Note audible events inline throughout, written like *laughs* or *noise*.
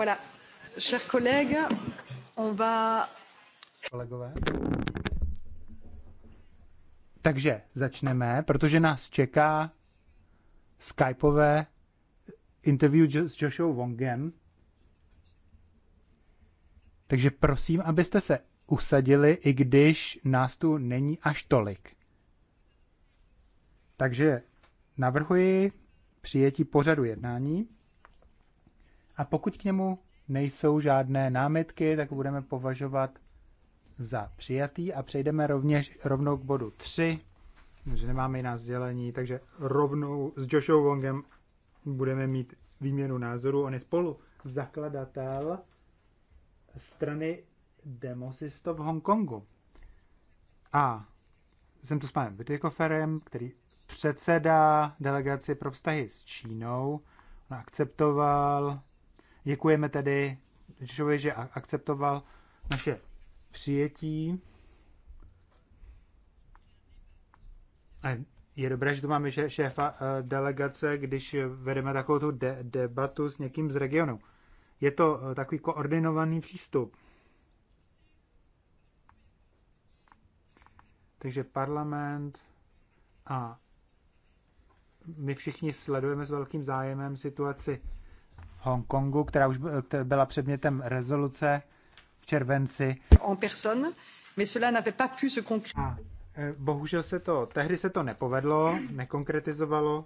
Voilà. Chers collègues, on va... Kolegové. Takže začneme, protože nás čeká skypové interview s Joshua Wongem. Takže prosím, abyste se usadili, i když nás tu není až tolik. Takže navrhuji přijetí pořadu jednání. A pokud k němu nejsou žádné námitky, tak budeme považovat za přijatý a přejdeme rovněž, rovnou k bodu 3, že nemáme jiná sdělení, takže rovnou s Joshou Wongem budeme mít výměnu názoru. On je spolu zakladatel strany Demosistov v Hongkongu. A jsem tu s panem Bytykoferem, který předsedá delegaci pro vztahy s Čínou. On akceptoval Děkujeme tedy Ježíšovi, že akceptoval naše přijetí. A je dobré, že tu máme šéfa eh, delegace, když vedeme takovou tu de- debatu s někým z regionu. Je to eh, takový koordinovaný přístup. Takže parlament a my všichni sledujeme s velkým zájemem situaci Hongkongu, která už eh, byla předmětem rezoluce v červenci. A eh, bohužel se to, tehdy se to nepovedlo, nekonkretizovalo,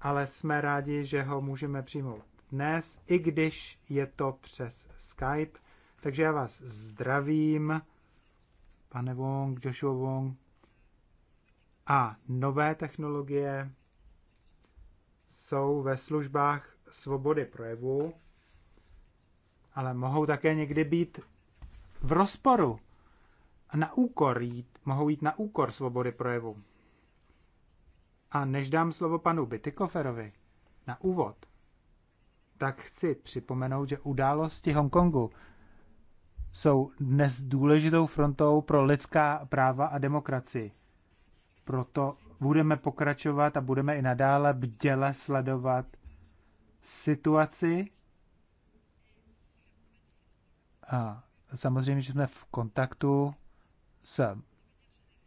ale jsme rádi, že ho můžeme přijmout dnes, i když je to přes Skype. Takže já vás zdravím, pane Wong, Joshua Wong. A nové technologie jsou ve službách svobody projevu, ale mohou také někdy být v rozporu a na úkor jít, mohou jít na úkor svobody projevu. A než dám slovo panu Bytykoferovi na úvod, tak chci připomenout, že události Hongkongu jsou dnes důležitou frontou pro lidská práva a demokracii. Proto budeme pokračovat a budeme i nadále bděle sledovat situaci a samozřejmě, že jsme v kontaktu s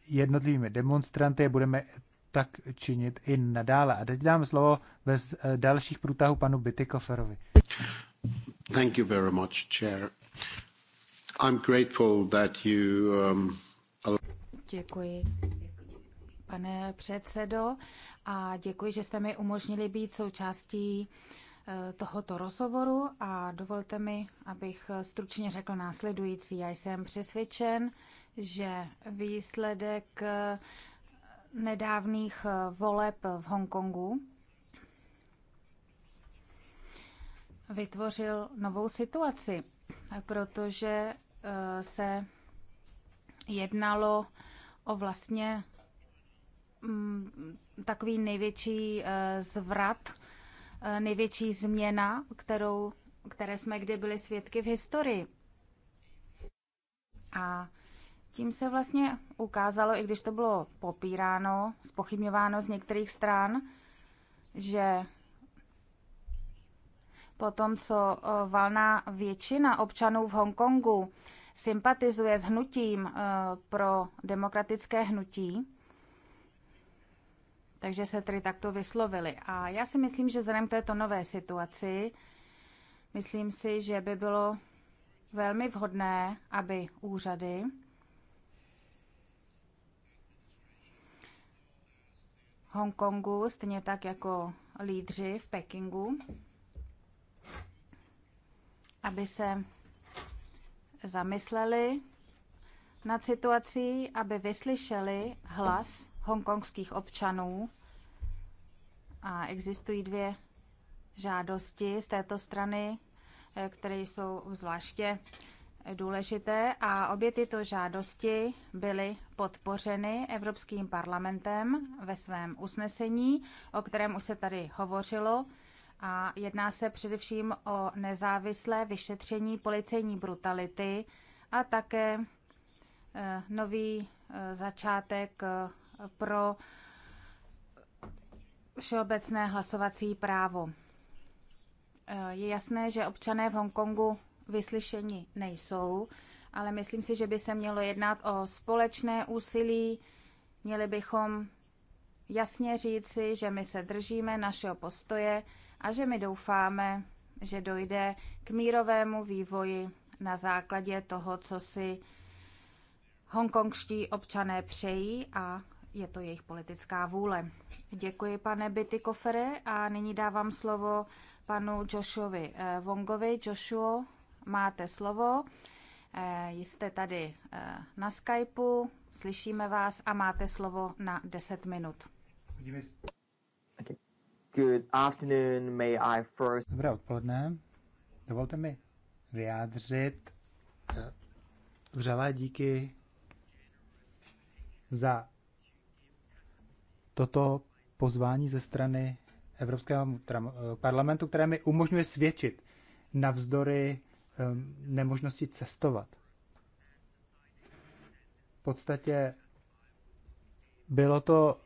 jednotlivými demonstranty a budeme tak činit i nadále. A teď dám slovo bez eh, dalších průtahů panu Bytykoferovi. Thank you very much, Chair. I'm grateful that you um... Děkuji pane předsedo, a děkuji, že jste mi umožnili být součástí eh, tohoto rozhovoru a dovolte mi, abych stručně řekl následující. Já jsem přesvědčen, že výsledek eh, nedávných eh, voleb v Hongkongu vytvořil novou situaci, protože se jednalo o vlastně Mm, takový největší eh, zvrat, eh, největší změna, kterou, které jsme kdy byli svědky v historii. A tím se vlastně ukázalo, i když to bylo popíráno, spochybňováno z některých stran, že po tom, co eh, valná většina občanů v Hongkongu sympatizuje s hnutím pro demokratické hnutí, takže se tedy takto vyslovili. A já si myslím, že vzhledem této nové situaci, myslím si, že by bylo velmi vhodné, aby úřady Hongkongu, stejně tak jako lídři v Pekingu, aby se zamysleli nad situací, aby vyslyšeli hlas hongkongských občanů. A existují dvě žádosti z této strany, eh, které jsou zvláště důležité a obě tyto žádosti byly podpořeny Evropským parlamentem ve svém usnesení, o kterém už se tady hovořilo. A jedná se především o nezávislé vyšetření policejní brutality a také eh, nový eh, začátek pro všeobecné hlasovací právo. E, je jasné, že občané v Hongkongu vyslyšeni nejsou, ale myslím si, že by se mělo jednat o společné úsilí. Měli bychom jasně říci, že my se držíme našeho postoje a že my doufáme, že dojde k mírovému vývoji na základě toho, co si hongkongští občané přejí a je to jejich politická vůle. Děkuji, pane Kofere, a nyní dávám slovo panu Joshovi eh, Vongovi. Joshua, máte slovo. Eh, jste tady eh, na Skypeu, slyšíme vás a máte slovo na 10 minut. Good afternoon, may Dobré odpoledne. Dovolte mi vyjádřit vřelé díky za toto pozvání ze strany Evropského eh, parlamentu, které mi umožňuje svědčit navzdory eh, nemožnosti cestovat. V podstatě bylo to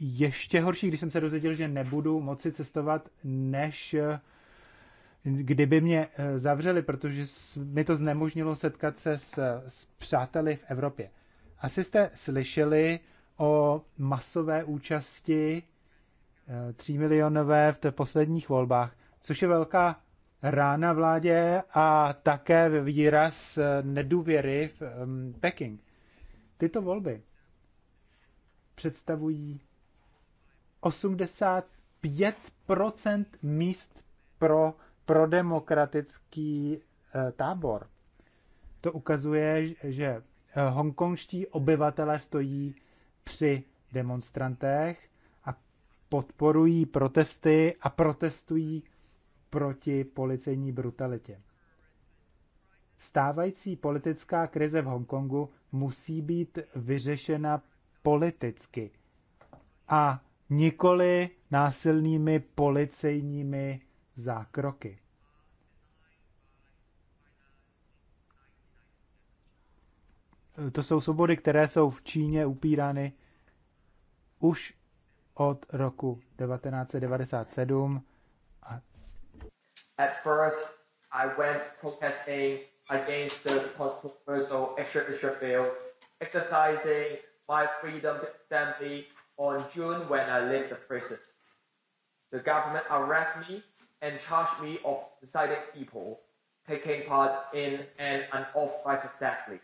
ještě horší, když jsem se dozvěděl, že nebudu moci cestovat, než eh, kdyby mě zavřeli, protože mi to znemožnilo setkat se s, s přáteli v Evropě. Asi jste slyšeli o masové účasti 3 eh, milionové v těch posledních volbách, což je velká rána vládě a také výraz eh, nedůvěry v Peking. Tyto volby představují 85% míst pro prodemokratický eh, tábor. To ukazuje, že hongkongští obyvatelé stojí při demonstrantech a podporují protesty a protestují proti policejní brutalitě. Stávající politická krize v Hongkongu musí být vyřešena politicky a nikoli násilnými policejními zákroky. to jsou svobody, které jsou v Číně upírány už od roku 1997. A... At first I went protesting against the on June when I left the prison. The government arrested me and charged me of people taking part in an unauthorized assembly.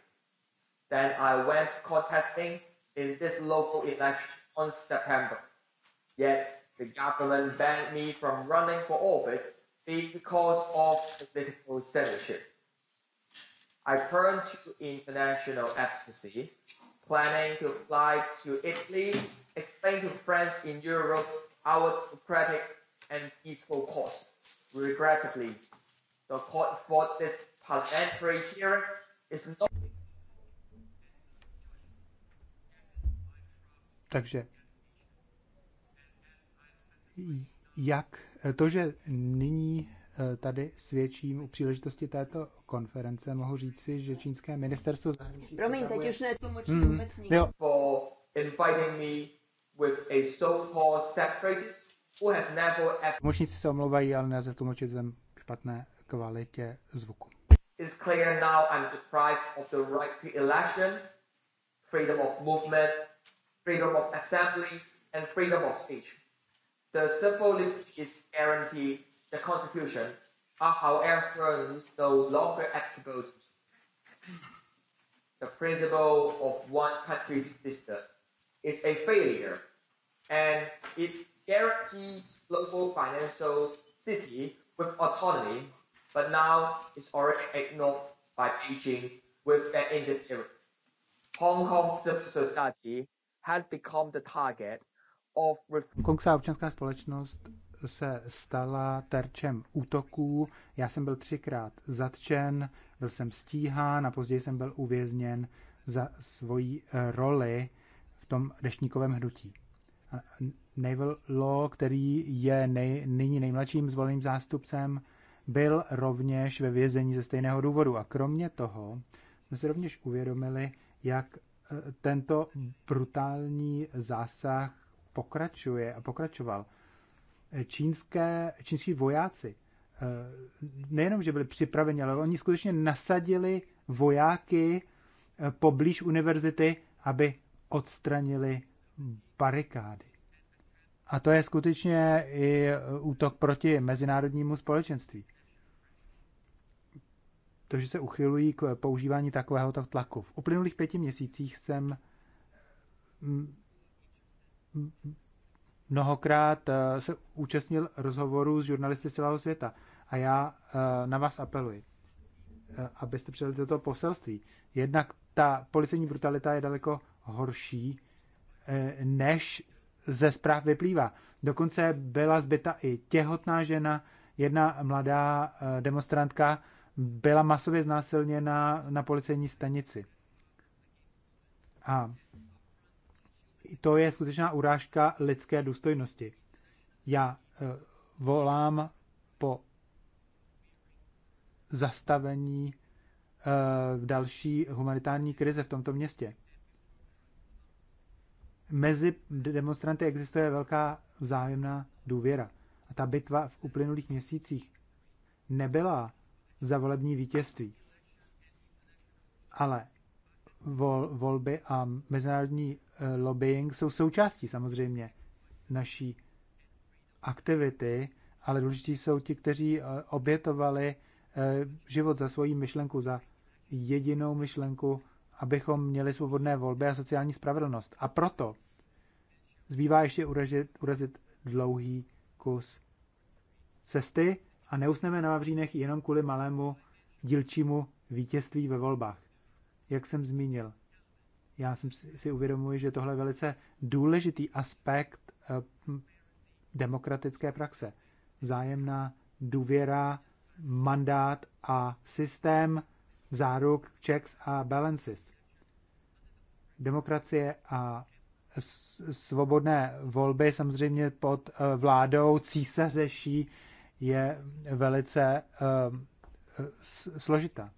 Then I went contesting in this local election on September. Yet the government banned me from running for office because of political censorship. I turned to international advocacy, planning to fly to Italy, explain to friends in Europe our democratic and peaceful cause. Regrettably, the court for this parliamentary hearing is not Takže jak to, že nyní eh, tady svědčím u příležitosti této konference, mohu říci, že čínské ministerstvo zahraničí... Promiň, teď už netlumočí hmm. vůbec For inviting me with a so-called separatist who has never ever... Tlumočníci se omlouvají, ale nelze tlumočit v špatné kvalitě zvuku. It's clear now I'm deprived of the right to election, freedom of movement, freedom of assembly, and freedom of speech. The civil liberties guaranteed the Constitution are, however, no longer applicable. The principle of one country system is a failure, and it guarantees global financial city with autonomy, but now it's already ignored by Beijing with an interference. Hong Kong civil society Kongská občanská společnost se stala terčem útoků. Já jsem byl třikrát zatčen, byl jsem stíhán a později jsem byl uvězněn za svoji eh, roli v tom deštníkovém hnutí. Naval Law, který je nej, nyní nejmladším zvoleným zástupcem, byl rovněž ve vězení ze stejného důvodu. A kromě toho jsme si rovněž uvědomili, jak tento brutální zásah pokračuje a pokračoval. Čínské, čínskí vojáci eh, nejenom, že byli připraveni, ale oni skutečně nasadili vojáky eh, poblíž univerzity, aby odstranili barikády. A to je skutečně i útok proti mezinárodnímu společenství to, že se uchylují k používání takového tlaku. V uplynulých pěti měsících jsem mnohokrát eh, se účastnil rozhovoru s žurnalisty celého světa a já eh, na vás apeluji, eh, abyste předali toto poselství. Jednak ta policejní brutalita je daleko horší, než ze zpráv vyplývá. Dokonce byla zbyta i těhotná žena, jedna mladá demonstrantka, byla masově znásilněna na policejní stanici. A to je skutečná urážka lidské důstojnosti. Já eh, volám po zastavení eh, další humanitární krize v tomto městě. Mezi demonstranty existuje velká vzájemná důvěra. A ta bitva v uplynulých měsících nebyla za volební vítězství. Ale vol, volby a mezinárodní eh, lobbying jsou součástí samozřejmě naší aktivity, ale důležití jsou ti, kteří eh, obětovali eh, život za svoji myšlenku, za jedinou myšlenku, abychom měli svobodné volby a sociální spravedlnost. A proto zbývá ještě urazit, urazit dlouhý kus cesty a neusneme na Vavřínech jenom kvůli malému dílčímu vítězství ve volbách. Jak jsem zmínil, já jsem si uvědomuji, že tohle je velice důležitý aspekt eh, demokratické praxe. Vzájemná důvěra, mandát a systém záruk, checks a balances. Demokracie a svobodné volby samozřejmě pod eh, vládou císaře ší je velice eh, složitá.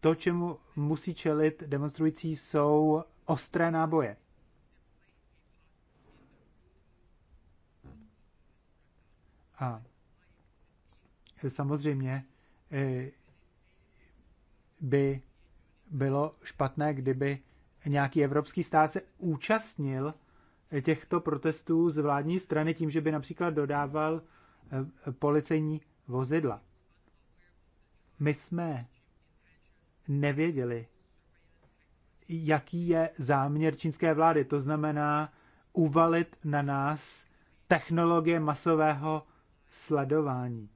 To, čemu musí čelit demonstrující, jsou ostré náboje. A samozřejmě eh, by bylo špatné, kdyby nějaký evropský stát se účastnil těchto protestů z vládní strany tím, že by například dodával eh, policejní vozidla. My jsme nevěděli, jaký je záměr čínské vlády. To znamená uvalit na nás technologie masového sledování.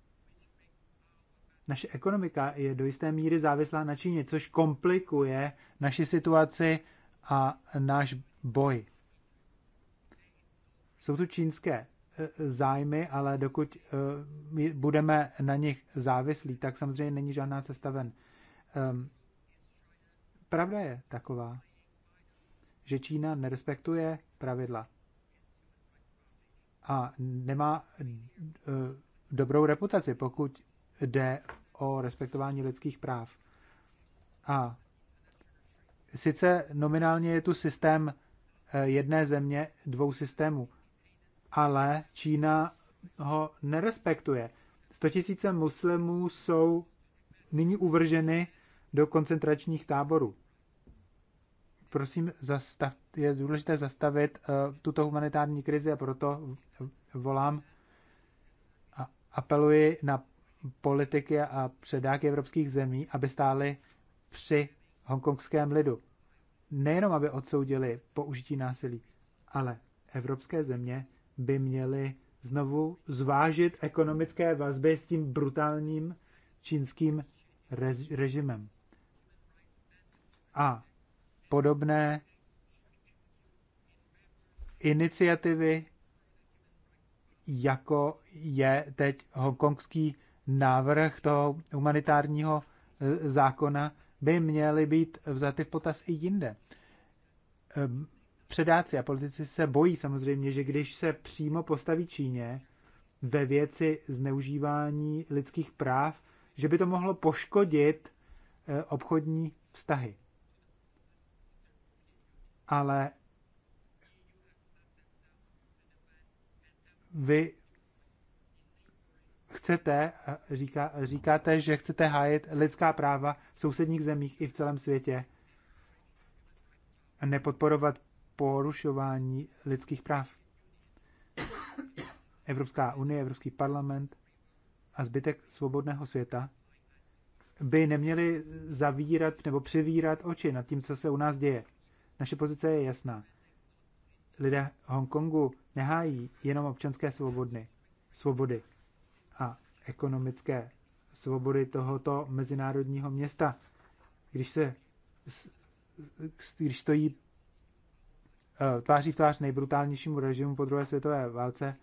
Naše ekonomika je do jisté míry závislá na Číně, což komplikuje naši situaci a náš boj. Jsou tu čínské e, e, zájmy, ale dokud e, budeme na nich závislí, tak samozřejmě není žádná cesta ven. Ehm, pravda je taková, že Čína nerespektuje pravidla a nemá dobrou reputaci, pokud jde o respektování lidských práv. A sice nominálně je tu systém jedné země, dvou systémů, ale Čína ho nerespektuje. 100 000 muslimů jsou nyní uvrženy do koncentračních táborů. Prosím, zastav, je důležité zastavit uh, tuto humanitární krizi a proto volám a apeluji na politiky a předáky evropských zemí, aby stáli při hongkongském lidu. Nejenom, aby odsoudili použití násilí, ale evropské země by měli znovu zvážit ekonomické vazby s tím brutálním čínským režimem. A podobné iniciativy, jako je teď hongkongský návrh toho humanitárního e, zákona, by měly být vzaty v potaz i jinde. Ehm, předáci a politici se bojí samozřejmě, že když se přímo postaví Číně ve věci zneužívání lidských práv, že by to mohlo poškodit eh, obchodní vztahy. Ale vy chcete, eh, říká, říkáte, že chcete hájit lidská práva v sousedních zemích i v celém světě a nepodporovat porušování lidských práv. Evropská unie, Evropský parlament a zbytek svobodného světa by neměli zavírat nebo přivírat oči nad tím, co se u nás děje. Naše pozice je jasná. Lidé Hongkongu nehájí jenom občanské svobody, svobody a ekonomické svobody tohoto mezinárodního města. Když se když stojí Eh, tváří v tvář nejbrutálnějšímu režimu po druhé světové válce,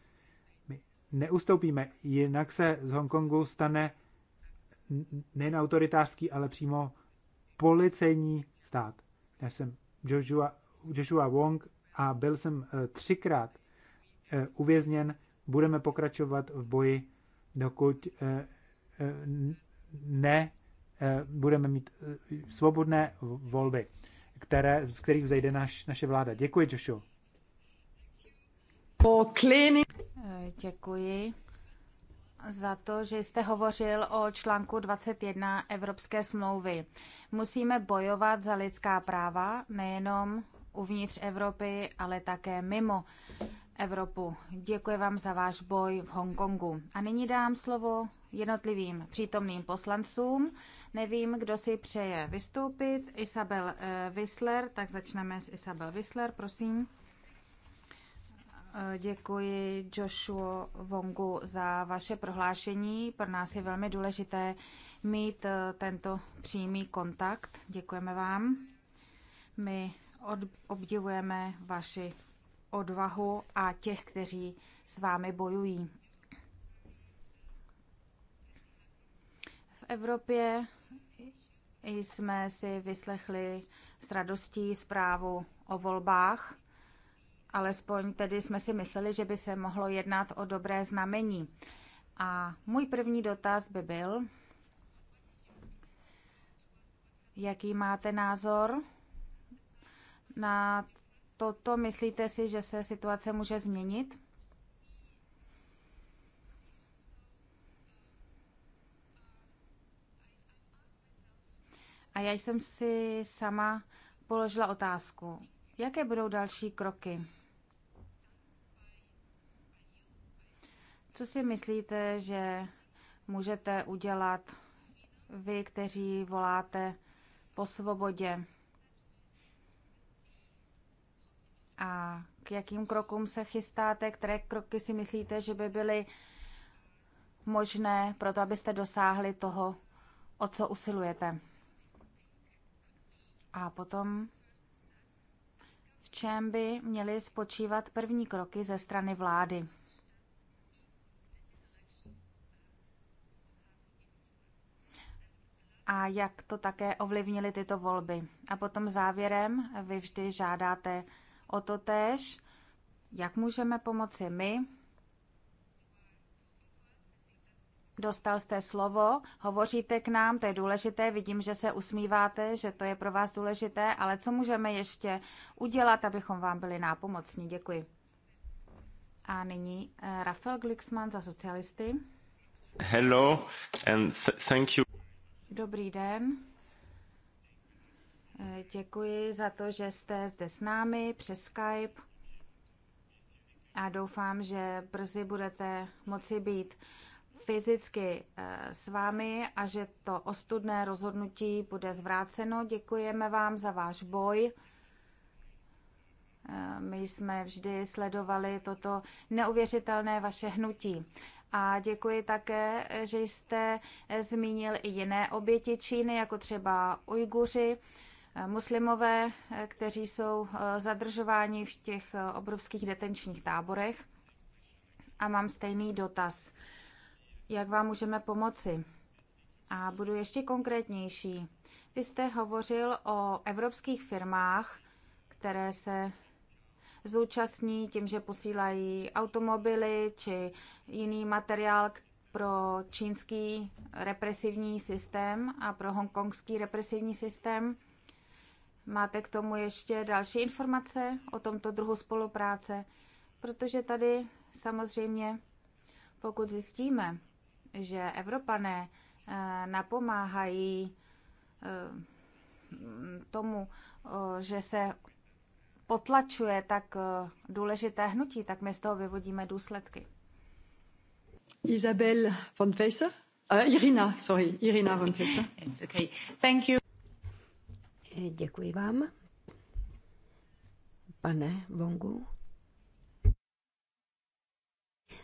my neustoupíme, jinak se z Hongkongu stane nejen autoritářský, ale přímo policejní stát. Já jsem Joshua, Joshua Wong a byl jsem eh, třikrát eh, uvězněn. Budeme pokračovat v boji, dokud ne budeme mít svobodné volby které, z kterých vzejde naš, naše vláda. Děkuji, Joshua. Eh, děkuji za to, že jste hovořil o článku 21 Evropské smlouvy. Musíme bojovat za lidská práva nejenom uvnitř Evropy, ale také mimo Evropu. Děkuji vám za váš boj v Hongkongu. A nyní dám slovo jednotlivým přítomným poslancům. Nevím, kdo si přeje vystoupit. Isabel eh, Wissler, tak začneme s Isabel Wissler, prosím. Eh, děkuji Joshua Vongu za vaše prohlášení. Pro nás je velmi důležité mít eh, tento přímý kontakt. Děkujeme vám. My obdivujeme vaši odvahu a těch, kteří s vámi bojují. Evropě jsme si vyslechli s radostí zprávu o volbách, alespoň tedy jsme si mysleli, že by se mohlo jednat o dobré znamení. A můj první dotaz by byl, jaký máte názor na toto? Myslíte si, že se situace může změnit? A já jsem si sama položila otázku, jaké budou další kroky. Co si myslíte, že můžete udělat vy, kteří voláte po svobodě? A k jakým krokům se chystáte, které kroky si myslíte, že by byly možné pro to, abyste dosáhli toho, o co usilujete? A potom, v čem by měly spočívat první kroky ze strany vlády? a jak to také ovlivnily tyto volby. A potom závěrem vy vždy žádáte o to též, jak můžeme pomoci my Dostal jste slovo, hovoříte k nám, to je důležité, vidím, že se usmíváte, že to je pro vás důležité, ale co můžeme ještě udělat, abychom vám byli nápomocní? Děkuji. A nyní eh, Rafael Glixman za socialisty. Hello and thank you. Dobrý den. Eh, děkuji za to, že jste zde s námi přes Skype a doufám, že brzy budete moci být fyzicky eh, s vámi a že to ostudné rozhodnutí bude zvráceno. Děkujeme vám za váš boj. Eh, my jsme vždy sledovali toto neuvěřitelné vaše hnutí. A děkuji také, že jste eh, zmínil i jiné oběti Číny, jako třeba Ujguři, muslimové, kteří jsou zadržováni v těch obrovských detenčních táborech. A mám stejný dotaz jak vám můžeme pomoci. A budu ještě konkrétnější. Vy jste hovořil o evropských firmách, které se zúčastní tím, že posílají automobily či jiný materiál pro čínský represivní systém a pro hongkongský represivní systém. Máte k tomu ještě další informace o tomto druhu spolupráce? Protože tady samozřejmě, pokud zjistíme, že Evropané eh, napomáhají eh, tomu, že se potlačuje tak eh, důležité hnutí, tak my z toho vyvodíme důsledky. Isabel von Feyser? Uh, Irina, sorry, Irina von Feyser. It's okay. Thank you. Děkuji vám. Pane Vongu,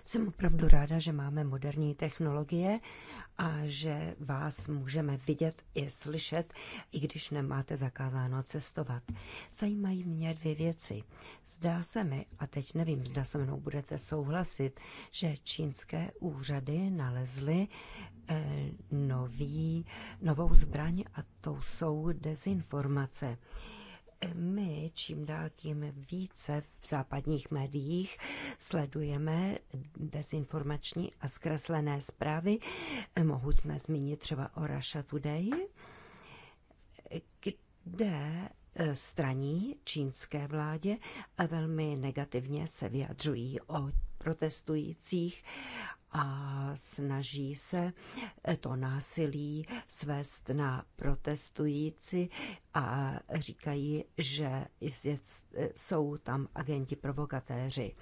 jsem opravdu ráda, že máme moderní technologie a že vás můžeme vidět i slyšet, i když nemáte zakázáno cestovat. Zajímají mě dvě věci. Zdá se mi, a teď nevím, zda se mnou budete souhlasit, že čínské úřady nalezly eh, nový, novou zbraň a to jsou dezinformace. Eh, my čím dál tím více v západních médiích sledujeme dezinformační a zkreslené zprávy. Mohu jsme zmínit třeba o Russia Today, kde eh, straní čínské vládě a velmi negativně se vyjadřují o protestujících a snaží se to násilí svést na protestující a říkají, že jsou tam agenti provokatéři.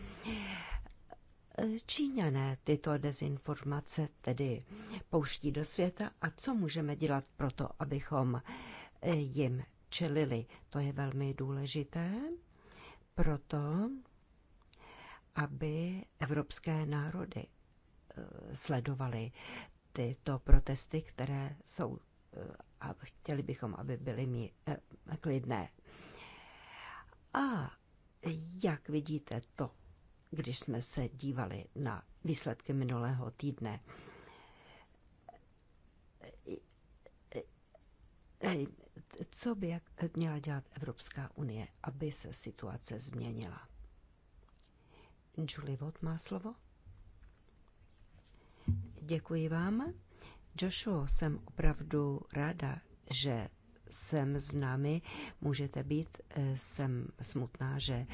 Číňané tyto dezinformace tedy pouští do světa a co můžeme dělat pro to, abychom eh, jim čelili? To je velmi důležité, proto aby evropské národy eh, sledovaly tyto protesty, které jsou eh, a chtěli bychom, aby byly mí, eh, klidné. A jak vidíte to, když jsme se dívali na výsledky minulého týdne, co by jak měla dělat Evropská unie, aby se situace změnila? Julie Watt má slovo. Děkuji vám. Joshua, jsem opravdu ráda, že jsem s námi. Můžete být, eh, jsem smutná, že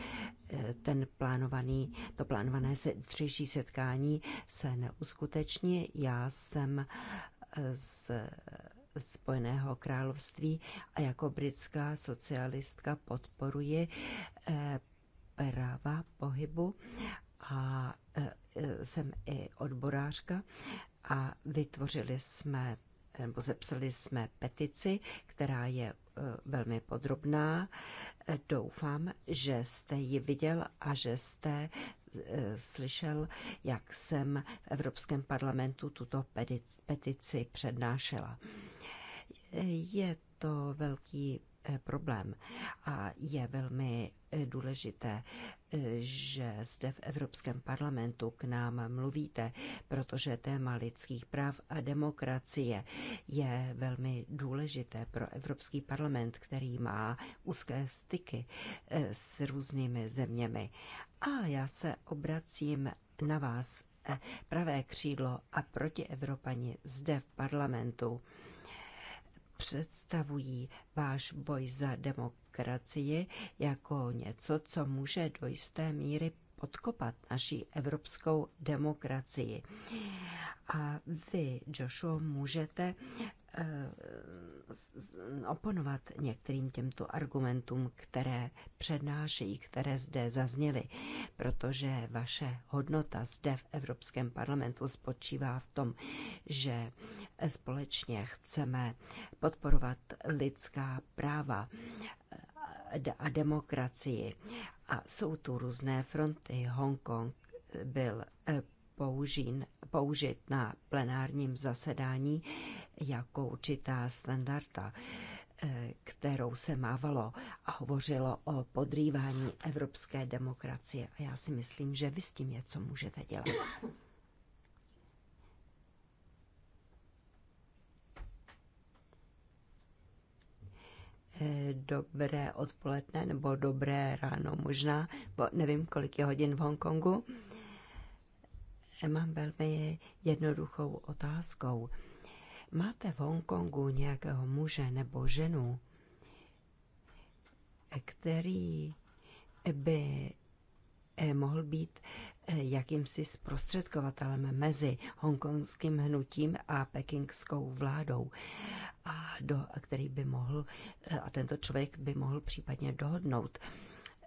eh, ten plánovaný, to plánované dříží setkání se neuskuteční. Já jsem eh, z Spojeného království a jako britská socialistka podporuji práva pohybu a e, e, jsem i odborářka a vytvořili jsme nebo zepsali jsme petici, která je e, velmi podrobná. Doufám, že jste ji viděl a že jste slyšel, jak jsem v Evropském parlamentu tuto petici přednášela. Je to velký Eh, problém. A je velmi eh, důležité, eh, že zde v Evropském parlamentu k nám mluvíte, protože téma lidských práv a demokracie je velmi důležité pro Evropský parlament, který má úzké styky s různými zeměmi. A já se obracím na vás, pravé křídlo a proti Evropani zde v parlamentu představují váš boj za demokracii jako něco, co může do jisté míry podkopat naší evropskou demokracii. A vy, Joshua, můžete Eh, oponovat některým těmto argumentům, které přednášejí, které zde zazněly, protože vaše hodnota zde v Evropském parlamentu spočívá v tom, že společně chceme podporovat lidská práva eh, a demokracii. A jsou tu různé fronty. Hongkong byl eh, použín, použit na plenárním zasedání jako určitá standarda, eh, kterou se mávalo a hovořilo o podrývání evropské demokracie. A já si myslím, že vy s tím něco můžete dělat. Eh, dobré odpoledne nebo dobré ráno možná, bo nevím, kolik je hodin v Hongkongu. Eh, mám velmi jednoduchou otázkou Máte v Hongkongu nějakého muže nebo ženu, který by eh, mohl být eh, jakýmsi zprostředkovatelem mezi hongkongským hnutím a pekingskou vládou, a do, který by mohl, eh, a tento člověk by mohl případně dohodnout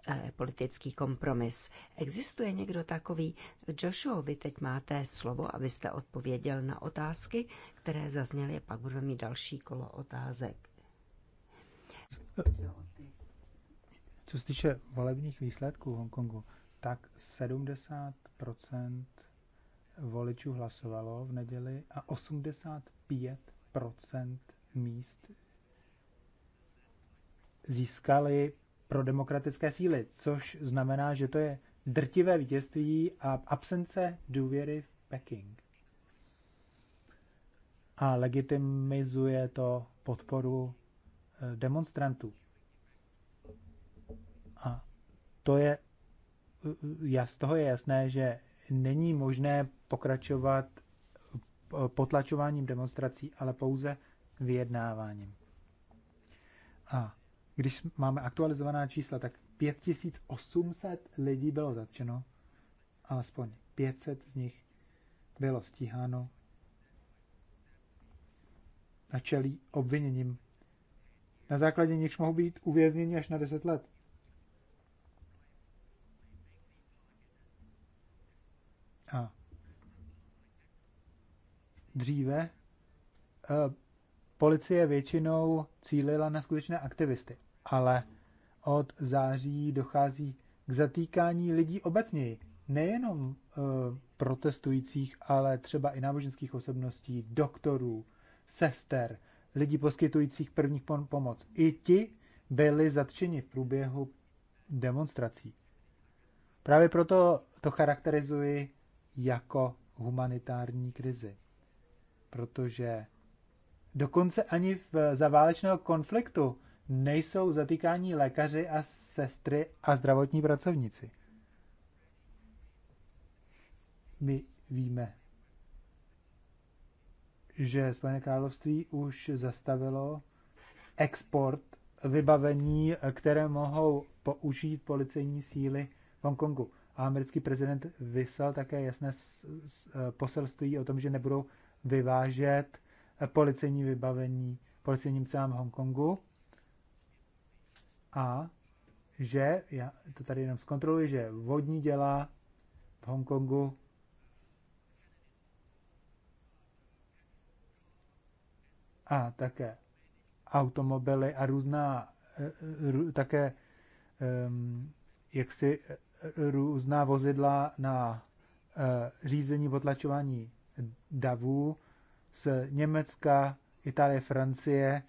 Eh, politický kompromis. Existuje někdo takový? Joshua, vy teď máte slovo, abyste odpověděl na otázky, které zazněly, a pak budeme mít další kolo otázek. Co se týče volebních výsledků v Hongkongu, tak 70 voličů hlasovalo v neděli a 85 míst získali pro demokratické síly, což znamená, že to je drtivé vítězství a absence důvěry v Peking. A legitimizuje to podporu eh, demonstrantů. A to je, eh, z toho je jasné, že není možné pokračovat eh, potlačováním demonstrací, ale pouze vyjednáváním. A když máme aktualizovaná čísla, tak 5800 lidí bylo zatčeno, alespoň 500 z nich bylo stíháno a čelí obviněním, na základě nichž mohou být uvězněni až na 10 let. A dříve eh, policie většinou cílila na skutečné aktivisty, ale od září dochází k zatýkání lidí obecněji, nejenom e, protestujících, ale třeba i náboženských osobností, doktorů, sester, lidí poskytujících první pomoc. I ti byli zatčeni v průběhu demonstrací. Právě proto to charakterizuji jako humanitární krizi, protože Dokonce ani v, za válečného konfliktu nejsou zatýkání lékaři a sestry a zdravotní pracovníci. My víme, že Spojené království už zastavilo export vybavení, které mohou použít policejní síly v Hongkongu. A americký prezident vyslal také jasné eh, poselství o tom, že nebudou vyvážet policejní vybavení policejním celám Hongkongu a že, já to tady jenom zkontroluji, že vodní děla v Hongkongu a také automobily a různá eh, eh, také ehm, jaksi eh, různá vozidla na řízení, potlačování davů, z Německa, Itálie, Francie.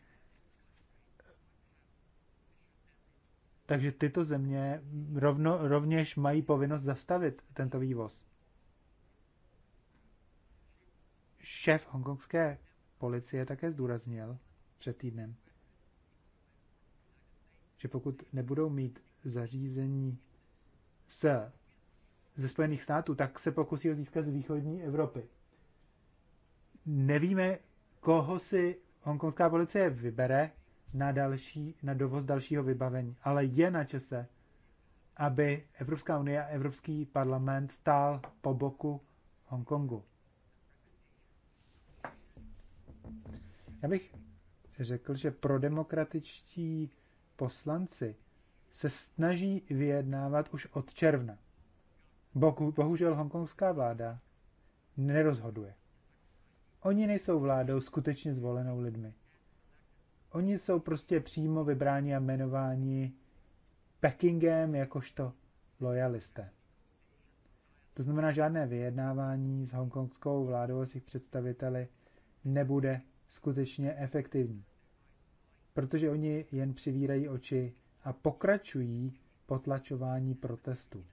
Takže tyto země rovno, rovněž mají povinnost zastavit tento vývoz. Šéf hongkongské policie také zdůraznil před týdnem, že pokud nebudou mít zařízení se, ze Spojených států, tak se pokusí ho získat z východní Evropy nevíme, koho si hongkongská policie vybere na, další, na dovoz dalšího vybavení, ale je na čase, aby Evropská unie a Evropský parlament stál po boku Hongkongu. Já bych řekl, že prodemokratičtí poslanci se snaží vyjednávat už od června. bohužel hongkongská vláda nerozhoduje. Oni nejsou vládou skutečně zvolenou lidmi. Oni jsou prostě přímo vybráni a jmenováni Pekingem jakožto lojalisté. To znamená, žádné vyjednávání s hongkongskou vládou a s jejich představiteli nebude skutečně efektivní. Protože oni jen přivírají oči a pokračují potlačování protestů.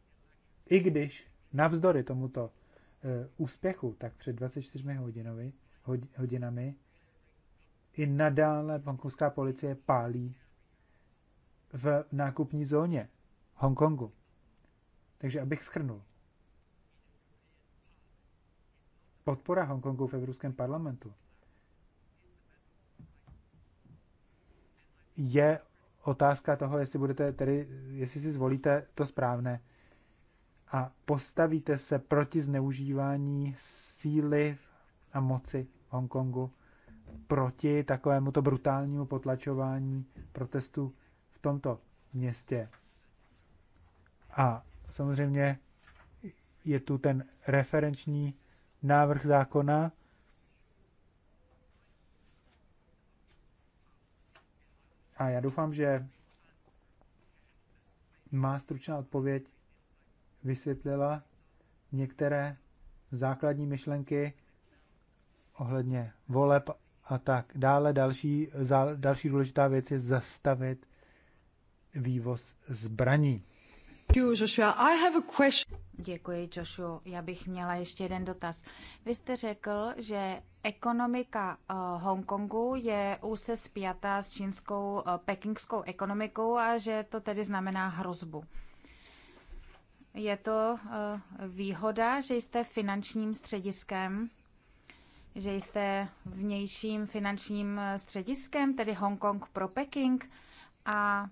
I když navzdory tomuto Eh, úspěchu, tak před 24 hodinovi, hodinami i nadále hongkongská policie pálí v nákupní zóně Hongkongu. Takže abych schrnul. Podpora Hongkongu v Evropském parlamentu je otázka toho, jestli budete tedy, jestli si zvolíte to správné a postavíte se proti zneužívání síly a moci v Hongkongu, proti takovému to brutálnímu potlačování protestů v tomto městě. A samozřejmě je tu ten referenční návrh zákona, A já doufám, že má stručná odpověď vysvětlila některé základní myšlenky ohledně voleb a tak dále. Další, další důležitá věc je zastavit vývoz zbraní. I have a question. Děkuji, Joshua. Já bych měla ještě jeden dotaz. Vy jste řekl, že ekonomika uh, Hongkongu je úzce spjatá s čínskou uh, pekingskou ekonomikou a že to tedy znamená hrozbu. Je to eh, výhoda, že jste finančním střediskem, že jste vnějším finančním eh, střediskem, tedy Hongkong pro Peking a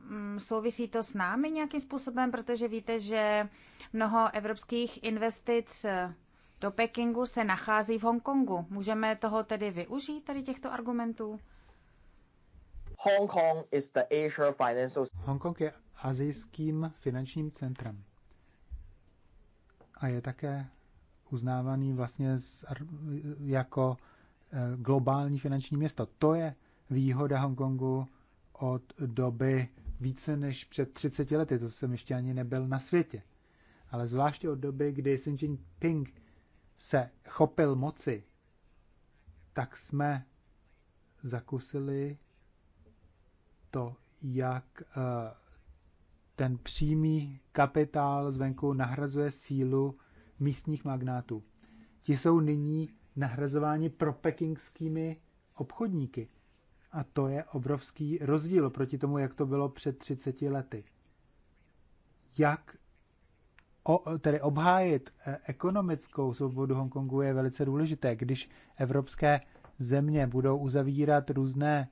mm, souvisí to s námi nějakým způsobem, protože víte, že mnoho evropských investic eh, do Pekingu se nachází v Hongkongu. Můžeme toho tedy využít, tady těchto argumentů? Hong Kong is the Asia financial... je azijským finančním centrem. A je také uznávaný vlastně z, jako eh, globální finanční město. To je výhoda Hongkongu od doby více než před 30 lety, to jsem ještě ani nebyl na světě. Ale zvláště od doby, kdy Xi Jinping se chopil moci, tak jsme zakusili to, jak eh, ten přímý kapitál zvenku nahrazuje sílu místních magnátů. Ti jsou nyní nahrazováni propekingskými obchodníky. A to je obrovský rozdíl proti tomu, jak to bylo před 30 lety. Jak o, tedy obhájit eh, ekonomickou svobodu Hongkongu je velice důležité. Když evropské země budou uzavírat různé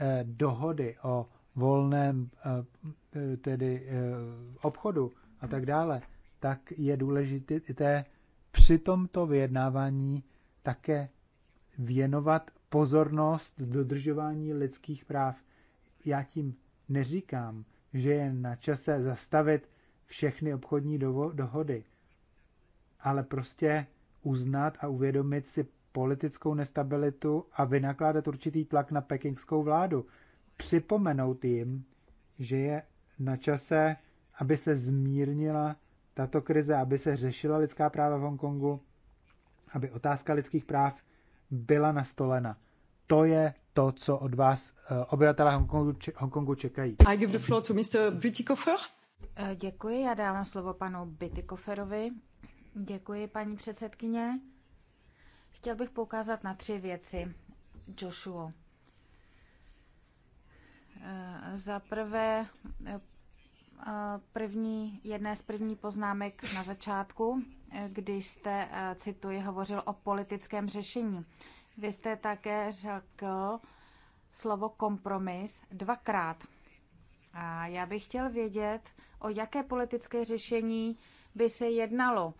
eh, dohody o volném eh, eh, tedy eh, obchodu a tak dále, tak je důležité při tomto vyjednávání také věnovat pozornost dodržování lidských práv. Já tím neříkám, že je na čase zastavit všechny obchodní dohody, ale prostě uznat a uvědomit si politickou nestabilitu a vynakládat určitý tlak na pekingskou vládu, připomenout jim, že je na čase, aby se zmírnila tato krize, aby se řešila lidská práva v Hongkongu, aby otázka lidských práv byla nastolena. To je to, co od vás eh, obyvatelé Hongkongu, Hongkongu čekají. I give the floor to Mr. Bütikofer. Eh, děkuji, já dávám slovo panu Bytikoferovi. Děkuji, paní předsedkyně. Chtěl bych poukázat na tři věci, Joshua. Za prvé, eh, první, jedné z prvních poznámek na začátku, eh, když jste, eh, cituji, hovořil o politickém řešení. Vy jste také řekl slovo kompromis dvakrát. A já bych chtěl vědět, o jaké politické řešení by se jednalo.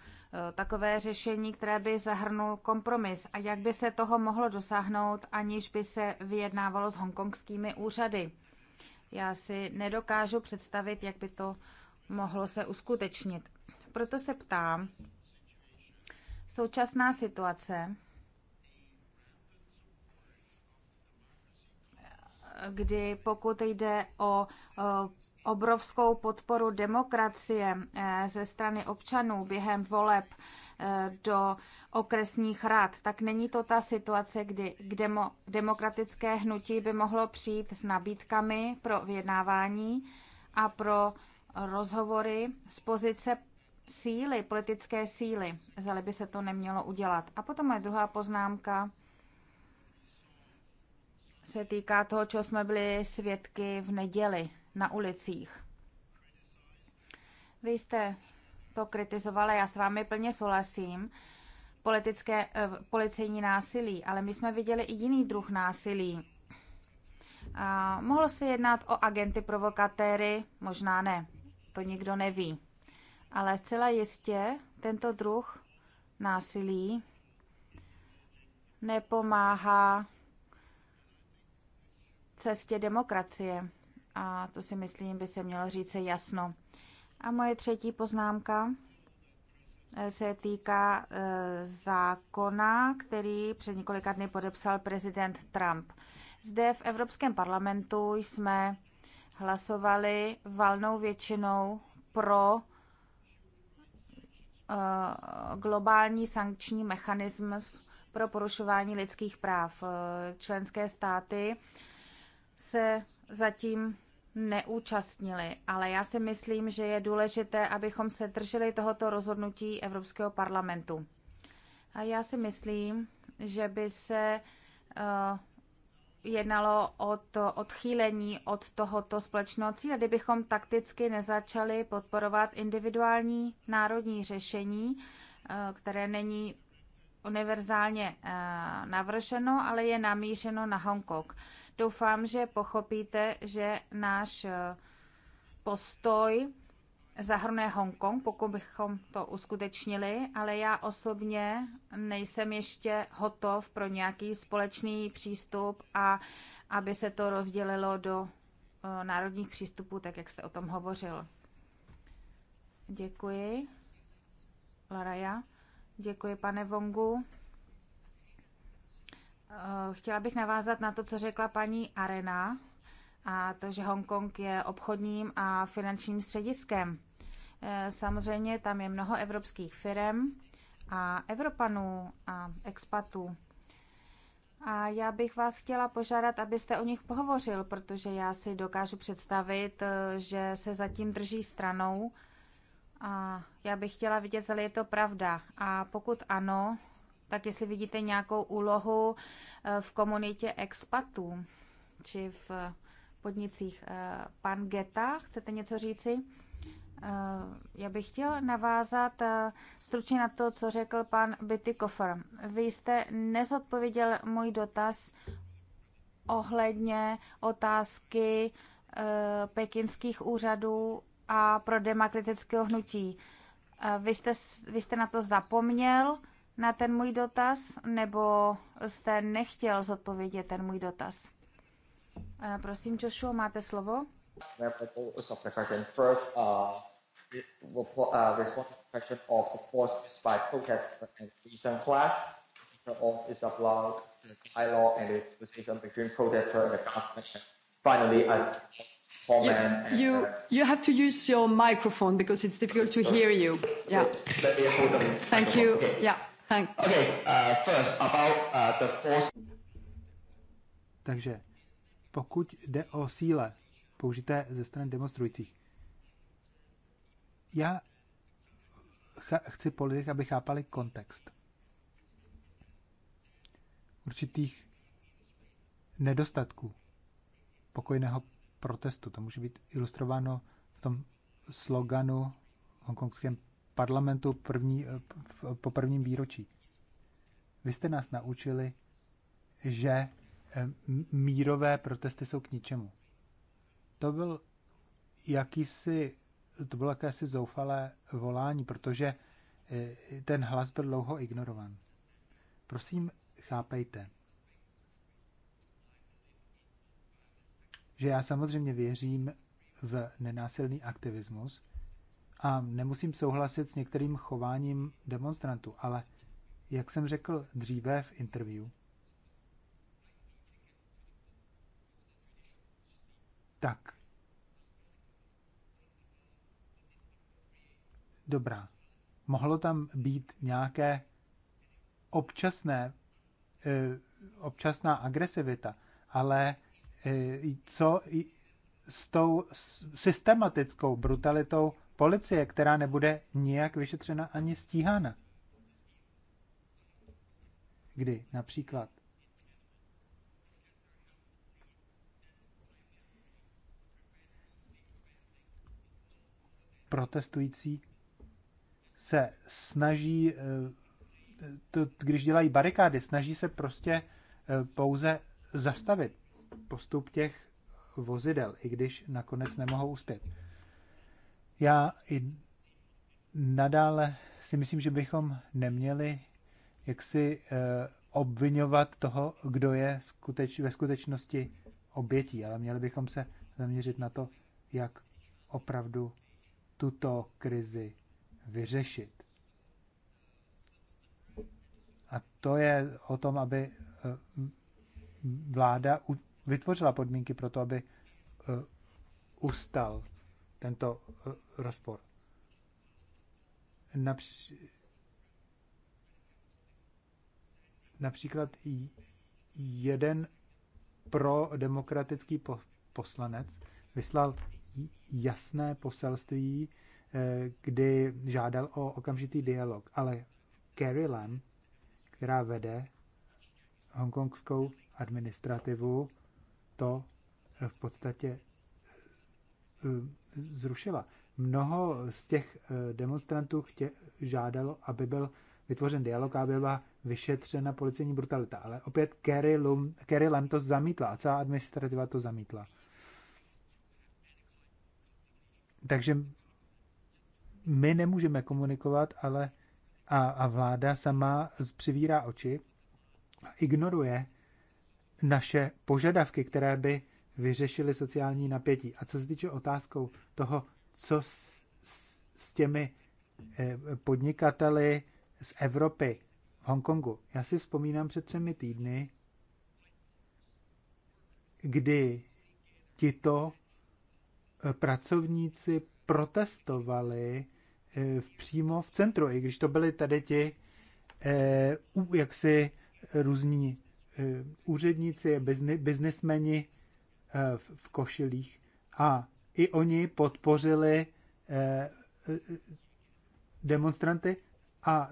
Takové řešení, které by zahrnul kompromis a jak by se toho mohlo dosáhnout, aniž by se vyjednávalo s hongkongskými úřady. Já si nedokážu představit, jak by to mohlo se uskutečnit. Proto se ptám, současná situace, kdy pokud jde o obrovskou podporu demokracie eh, ze strany občanů během voleb eh, do okresních rad, tak není to ta situace, kdy k demo, demokratické hnutí by mohlo přijít s nabídkami pro vyjednávání a pro rozhovory z pozice síly, politické síly. Zali by se to nemělo udělat. A potom je druhá poznámka se týká toho, čeho jsme byli svědky v neděli na ulicích. Vy jste to kritizovala, já s vámi plně souhlasím, politické, eh, policejní násilí, ale my jsme viděli i jiný druh násilí. A mohlo se jednat o agenty provokatéry, možná ne, to nikdo neví. Ale zcela jistě tento druh násilí nepomáhá cestě demokracie. A to si myslím, by se mělo říct jasno. A moje třetí poznámka eh, se týká eh, zákona, který před několika dny podepsal prezident Trump. Zde v Evropském parlamentu jsme hlasovali valnou většinou pro eh, globální sankční mechanismus pro porušování lidských práv. Členské státy se zatím neúčastnili, ale já si myslím, že je důležité, abychom se drželi tohoto rozhodnutí Evropského parlamentu. A já si myslím, že by se uh, jednalo o to odchýlení od tohoto společného cíle, kdybychom takticky nezačali podporovat individuální národní řešení, eh, které není univerzálně eh, navrženo, ale je namířeno na Hongkong. Doufám, že pochopíte, že náš eh, postoj zahrnuje Hongkong, pokud bychom to uskutečnili, ale já osobně nejsem ještě hotov pro nějaký společný přístup a aby se to rozdělilo do eh, národních přístupů, tak jak jste o tom hovořil. Děkuji. Laraja. Děkuji, pane Vongu. Eh, chtěla bych navázat na to, co řekla paní Arena a to, že Hongkong je obchodním a finančním střediskem. Eh, samozřejmě tam je mnoho evropských firm a Evropanů a expatů. A já bych vás chtěla požádat, abyste o nich pohovořil, protože já si dokážu představit, eh, že se zatím drží stranou a já bych chtěla vidět, zda je to pravda. A pokud ano, tak jestli vidíte nějakou úlohu eh, v komunitě expatů či v podnicích. Eh, pan Geta, chcete něco říci? Eh, já bych chtěl navázat stručně na to, co řekl pan Bytykofer. Vy jste nezodpověděl můj dotaz ohledně otázky pekinských úřadů a pro demokratického hnutí. Vy jste, vy jste na to zapomněl, na ten můj dotaz, nebo jste nechtěl zodpovědět ten můj dotaz? Prosím, Joshua, máte slovo? Uh, uh, finally, I Homen. You, you, you have to use your microphone because it's difficult to hear you. Yeah. Let me hold on. Thank you. Okay. Yeah. Thanks. Okay. Uh, first about uh, the force. Takže pokud jde o síle použité ze strany demonstrujících, já chci po lidech, aby chápali kontext určitých nedostatků pokojného protestu. To může být ilustrováno v tom sloganu v hongkongském parlamentu první, eh, po prvním výročí. Vy jste nás naučili, že eh, mírové protesty jsou k ničemu. To byl jakýsi, to bylo jakési zoufalé volání, protože eh, ten hlas byl dlouho ignorován. Prosím, chápejte, že já samozřejmě věřím v nenásilný aktivismus a nemusím souhlasit s některým chováním demonstrantů, ale jak jsem řekl dříve v interview, tak dobrá. Mohlo tam být nějaké občasné, eh, občasná agresivita, ale Eh, co s tou systematickou brutalitou policie, která nebude nijak vyšetřena ani stíhána. Kdy například protestující se snaží, eh, to, když dělají barikády, snaží se prostě eh, pouze zastavit postup těch vozidel, i když nakonec nemohou uspět. Já i nadále si myslím, že bychom neměli jaksi eh, obvinovat toho, kdo je skuteč, ve skutečnosti obětí, ale měli bychom se zaměřit na to, jak opravdu tuto krizi vyřešit. A to je o tom, aby eh, vláda vytvořila podmínky pro to, aby eh, ustal tento eh, rozpor. Napří... například jeden pro demokratický po- poslanec vyslal jasné poselství, eh, kdy žádal o okamžitý dialog. Ale Carrie Lam, která vede hongkongskou administrativu, to eh, v podstatě eh, zrušila. Mnoho z těch eh, demonstrantů chtě, žádalo, aby byl vytvořen dialog a aby byla vyšetřena policejní brutalita. Ale opět Kerry, Lum, Kerry to zamítla a celá administrativa to zamítla. Takže my nemůžeme komunikovat, ale a, a vláda sama přivírá oči a ignoruje naše požadavky, které by vyřešily sociální napětí. A co se týče otázkou toho, co s, s, s těmi eh, podnikateli z Evropy v Hongkongu. Já si vzpomínám před třemi týdny, kdy tito eh, pracovníci protestovali eh, v, přímo v centru, i když to byli tady ti eh, jaksi různí Eh, úředníci biznesmeni eh, v košilích a i oni podpořili eh, demonstranty a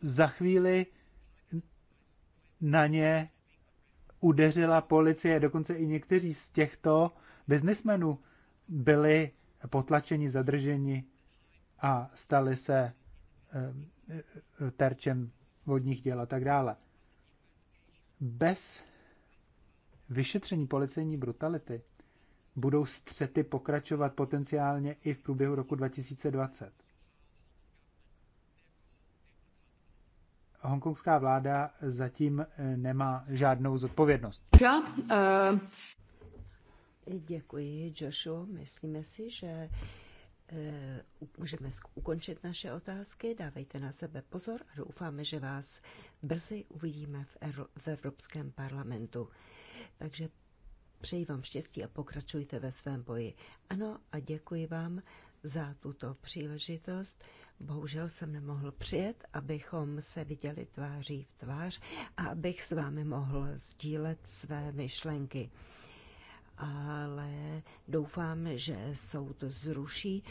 za chvíli na ně udeřila policie, dokonce i někteří z těchto biznesmenů byli potlačeni, zadrženi a stali se terčem vodních děl a tak dále. Bez vyšetření policejní brutality budou střety pokračovat potenciálně i v průběhu roku 2020. Hongkongská vláda zatím eh, nemá žádnou zodpovědnost. Já, uh... Děkuji, Joshua. Myslíme si, že Eh, můžeme ukončit naše otázky, dávejte na sebe pozor a doufáme, že vás brzy uvidíme v Evropském parlamentu. Takže přeji vám štěstí a pokračujte ve svém boji. Ano a děkuji vám za tuto příležitost. Bohužel jsem nemohl přijet, abychom se viděli tváří v tvář a abych s vámi mohl sdílet své myšlenky ale doufám, že soud zruší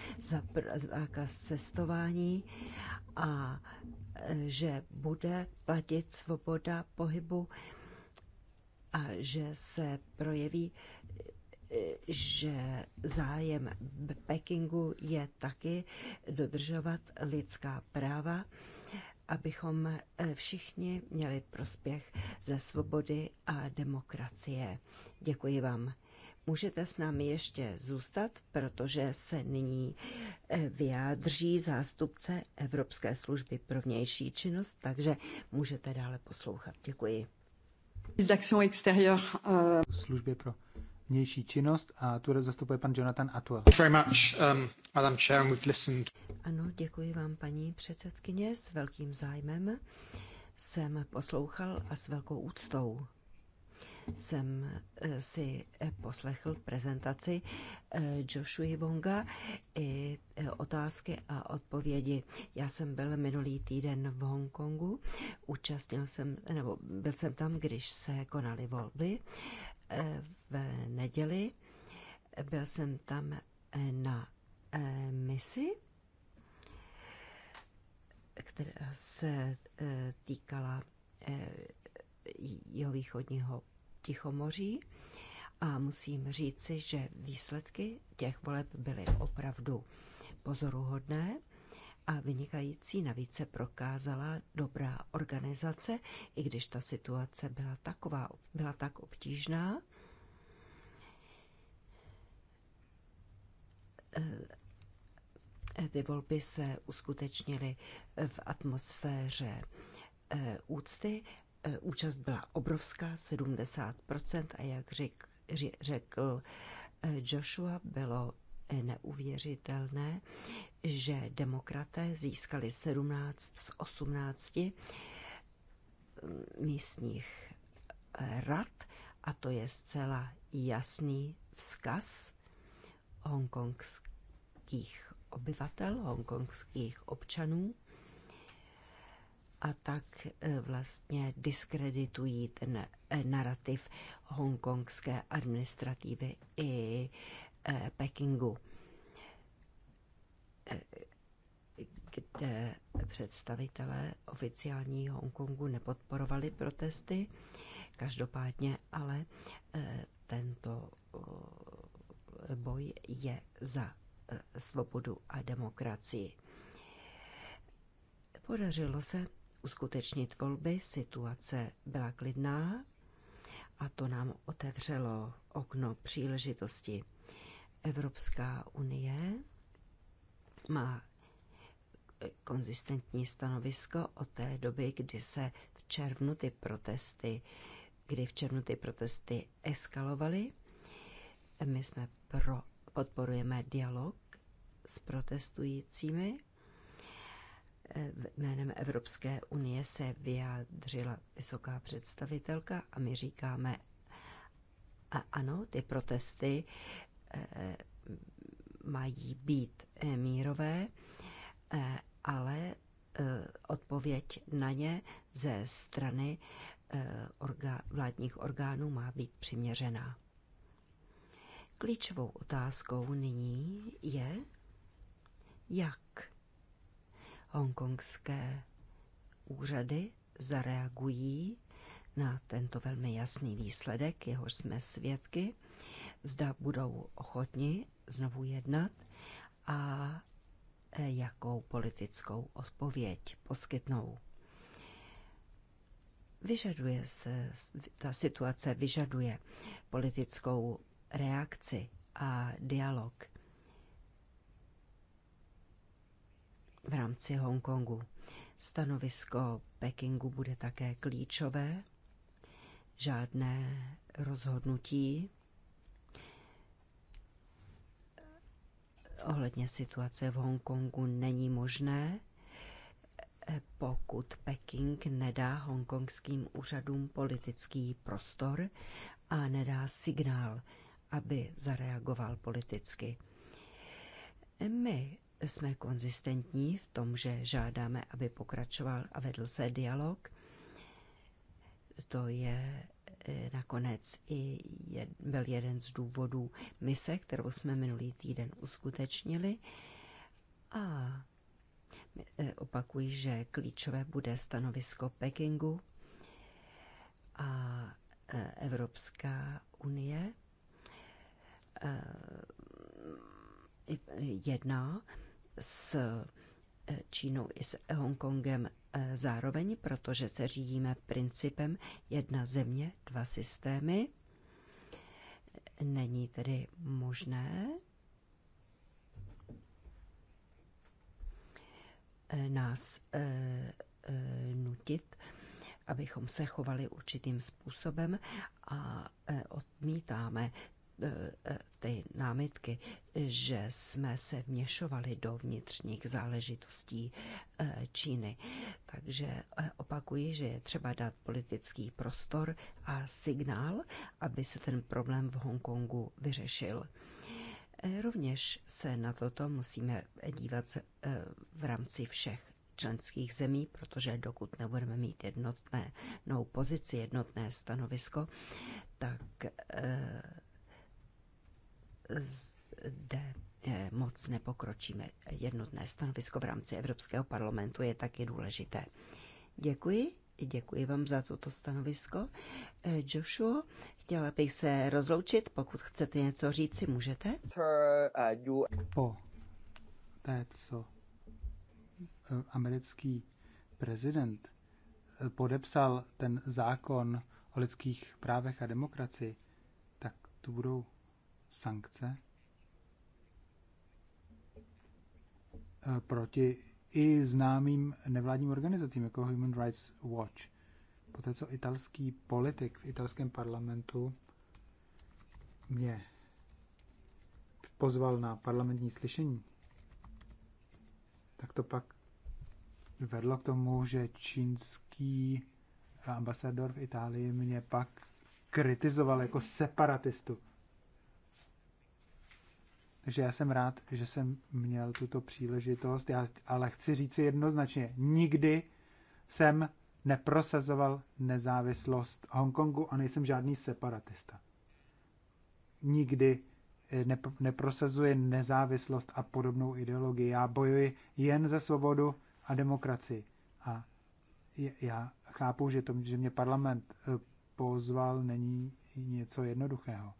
zákaz cestování a e, že bude platit svoboda pohybu a že se projeví, e, že zájem Pekingu je taky dodržovat lidská práva, abychom e, všichni měli prospěch ze svobody a demokracie. Děkuji vám. Můžete s námi ještě zůstat, protože se nyní eh, vyjádří zástupce Evropské služby pro vnější činnost, takže můžete dále poslouchat. Děkuji. Euh, služby pro vnější činnost a tu zastupuje pan Jonathan Atua. Um, ano, děkuji vám, paní předsedkyně, s velkým zájmem jsem poslouchal a s velkou úctou jsem eh, si eh, poslechl prezentaci eh, Joshua Wonga i otázky a odpovědi. Já jsem byl minulý týden v Hongkongu, účastnil jsem, nebo byl jsem tam, když se konaly volby v neděli. Byl jsem tam na misi, která se týkala jeho východního Tichomoří a musím říci, že výsledky těch voleb byly opravdu pozoruhodné a vynikající navíc se prokázala dobrá organizace, i když ta situace byla taková, byla tak obtížná. Eh, ty volby se uskutečnily v atmosféře eh, úcty Eh, účast byla obrovská, 70%, a jak řekl, řekl eh, Joshua, bylo eh, neuvěřitelné, že demokraté získali 17 z 18 mm, místních rad a to je zcela jasný vzkaz hongkongských obyvatel, hongkongských občanů, a tak e, vlastně diskreditují ten e, narrativ hongkongské administrativy i e, Pekingu, kde představitelé oficiální Hongkongu nepodporovali protesty. Každopádně ale tento boj je za svobodu a demokracii. Podařilo se uskutečnit volby, situace byla klidná a to nám otevřelo okno příležitosti. Evropská unie má konzistentní stanovisko od té doby, kdy se v červnu ty protesty, kdy v červnu ty protesty eskalovaly. My jsme pro, podporujeme dialog s protestujícími jménem Evropské unie se vyjádřila vysoká představitelka a my říkáme, a ano, ty protesty eh, mají být eh, mírové, eh, ale odpověď na ně ze strany vládních orgánů má být přiměřená. Klíčovou otázkou nyní je, jak hongkongské úřady zareagují na tento velmi jasný výsledek, jeho jsme svědky, zda budou ochotni znovu jednat a e, jakou politickou odpověď poskytnou. Vyžaduje se, ta situace vyžaduje politickou reakci a dialog. v rámci Hongkongu. Stanovisko Pekingu bude také klíčové. Žádné rozhodnutí ohledně situace v Hongkongu není možné, pokud Peking nedá hongkongským úřadům politický prostor a nedá signál, aby zareagoval politicky. My jsme konzistentní v tom, že žádáme, aby pokračoval a vedl se dialog. To je e, nakonec i jed, byl jeden z důvodů mise, kterou jsme minulý týden uskutečnili. A e, opakuji, že klíčové bude stanovisko Pekingu a e, Evropská unie jedná s eh, Čínou i s Hongkongem eh, zároveň, protože se řídíme principem jedna země, dva systémy. Není tedy možné eh, nás nutit, abychom se chovali určitým způsobem a odmítáme Eh, ty námitky, že jsme se vněšovali do vnitřních záležitostí eh, Číny. Takže eh, opakuji, že je třeba dát politický prostor a signál, aby se ten problém v Hongkongu vyřešil. Rovněž se na toto musíme dívat v rámci všech členských zemí, protože dokud nebudeme mít jednotné, jednotnou pozici, jednotné stanovisko, tak zde eh, moc nepokročíme. Jednotné stanovisko v rámci Evropského parlamentu je taky důležité. Děkuji. Děkuji vám za toto stanovisko. Eh, Joshua, chtěla bych se rozloučit. Pokud chcete něco říct, si můžete. Po té, co eh, americký prezident podepsal ten zákon o lidských právech a demokracii, tak tu budou sankce eh, proti i známým nevládním organizacím, jako Human Rights Watch. Poté, co italský politik v italském parlamentu mě pozval na parlamentní slyšení, tak to pak vedlo k tomu, že čínský eh, ambasador v Itálii mě pak kritizoval jako separatistu. Takže já jsem rád, že jsem měl tuto příležitost, já, ale chci říct jednoznačně, nikdy jsem neprosazoval nezávislost Hongkongu a nejsem žádný separatista. Nikdy eh, neprosazuje nezávislost a podobnou ideologii. Já bojuji jen za svobodu a demokracii. A já chápu, že to, že mě parlament eh, pozval, není něco jednoduchého.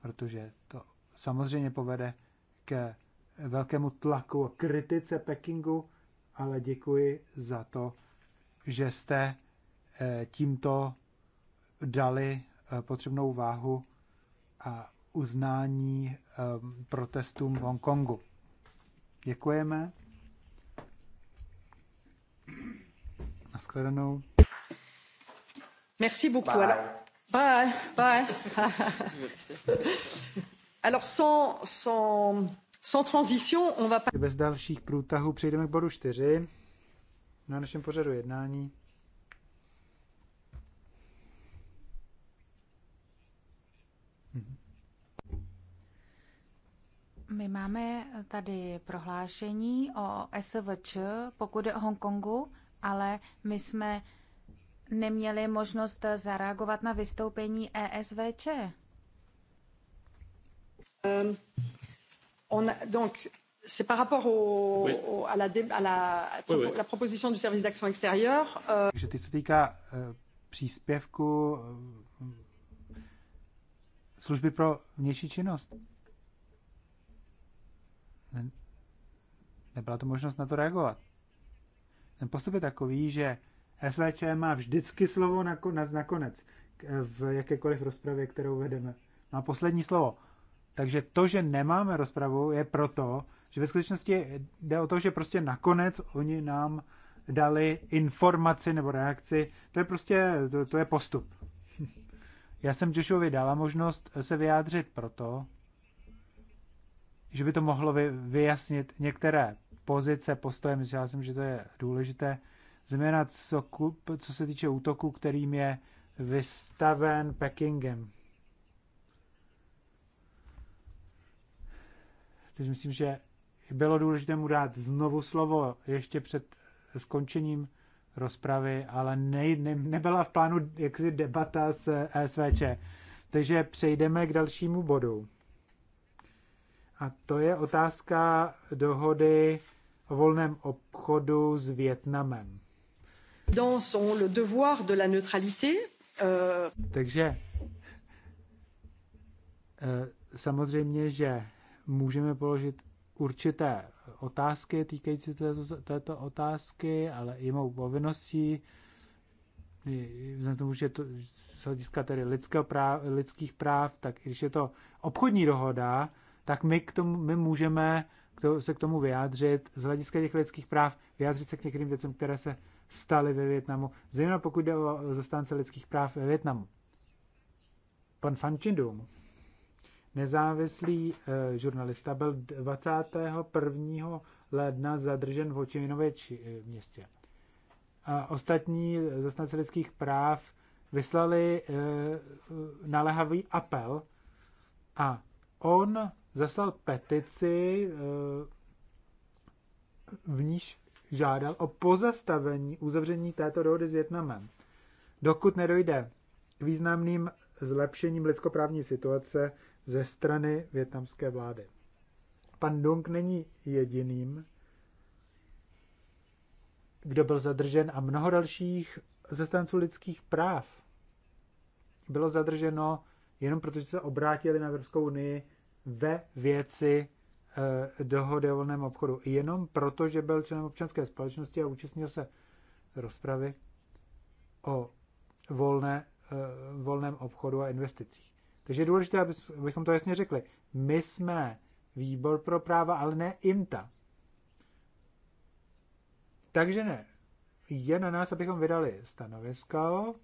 Protože to samozřejmě povede k velkému tlaku a kritice Pekingu, ale děkuji za to, že jste eh, tímto dali eh, potřebnou váhu a uznání eh, protestům v Hongkongu. Děkujeme. Naschledanou. Merci beaucoup. Bye. Bye. Bye. *laughs* Alors sans, sans, sans transition, on va... Bez dalších průtahů přejdeme k bodu 4 na našem pořadu jednání. Mhm. My máme tady prohlášení o SVČ, pokud je o Hongkongu, ale my jsme neměli možnost zareagovat na vystoupení ESVČ. Euh, on a, donc, c'est par rapport au, oui. au, à, la, dé, à la, oui, oui. la proposition du service d'action extérieure. Euh... Takže teď se týká uh, příspěvku uh, služby pro vnější činnost. Ne, nebyla to možnost na to reagovat. Ten postup je takový, že SVČ má vždycky slovo na, na, nakonec v jakékoliv rozpravě, kterou vedeme. Má poslední slovo. Takže to, že nemáme rozpravu, je proto, že ve skutečnosti jde o to, že prostě nakonec oni nám dali informaci nebo reakci. To je prostě, to, to je postup. *laughs* Já jsem Joshovi dala možnost se vyjádřit proto, že by to mohlo vyjasnit některé pozice, postoje. Myslel jsem, že to je důležité. Zejména co, co se týče útoku, kterým je vystaven Pekingem. Takže myslím, že bylo důležité mu dát znovu slovo ještě před skončením rozpravy, ale ne, ne, nebyla v plánu jaksi debata s e SVČ. Takže přejdeme k dalšímu bodu. A to je otázka dohody o volném obchodu s Větnamem. Dans son le devoir de la neutralité. Euh... Takže eh, samozřejmě, že můžeme položit určité otázky týkající této, této otázky, ale i mou povinností, vzhledem tomu, že to z hlediska tedy práv, lidských práv, tak když je to obchodní dohoda, tak my, k tomu, my můžeme k to, se k tomu vyjádřit, z hlediska těch lidských práv, vyjádřit se k některým věcem, které se staly ve Větnamu, zejména pokud jde o zastánce lidských práv ve Větnamu. Pan Fan Chindung Nezávislý eh, žurnalista byl 21. ledna zadržen v Hočiminově eh, městě. A ostatní zastánci lidských práv vyslali eh, naléhavý apel a on zaslal petici, v níž žádal o pozastavení uzavření této dohody s Větnamem. Dokud nedojde k významným zlepšením lidskoprávní situace ze strany větnamské vlády. Pan Dung není jediným, kdo byl zadržen a mnoho dalších zastánců lidských práv bylo zadrženo jenom protože se obrátili na Evropskou unii ve věci eh, dohody o volném obchodu. Jenom proto, že byl členem občanské společnosti a účastnil se rozpravy o volné, eh, volném obchodu a investicích. Takže je důležité, abychom to jasně řekli. My jsme výbor pro práva, ale ne IMTA. Takže ne. Je na nás, abychom vydali stanovisko,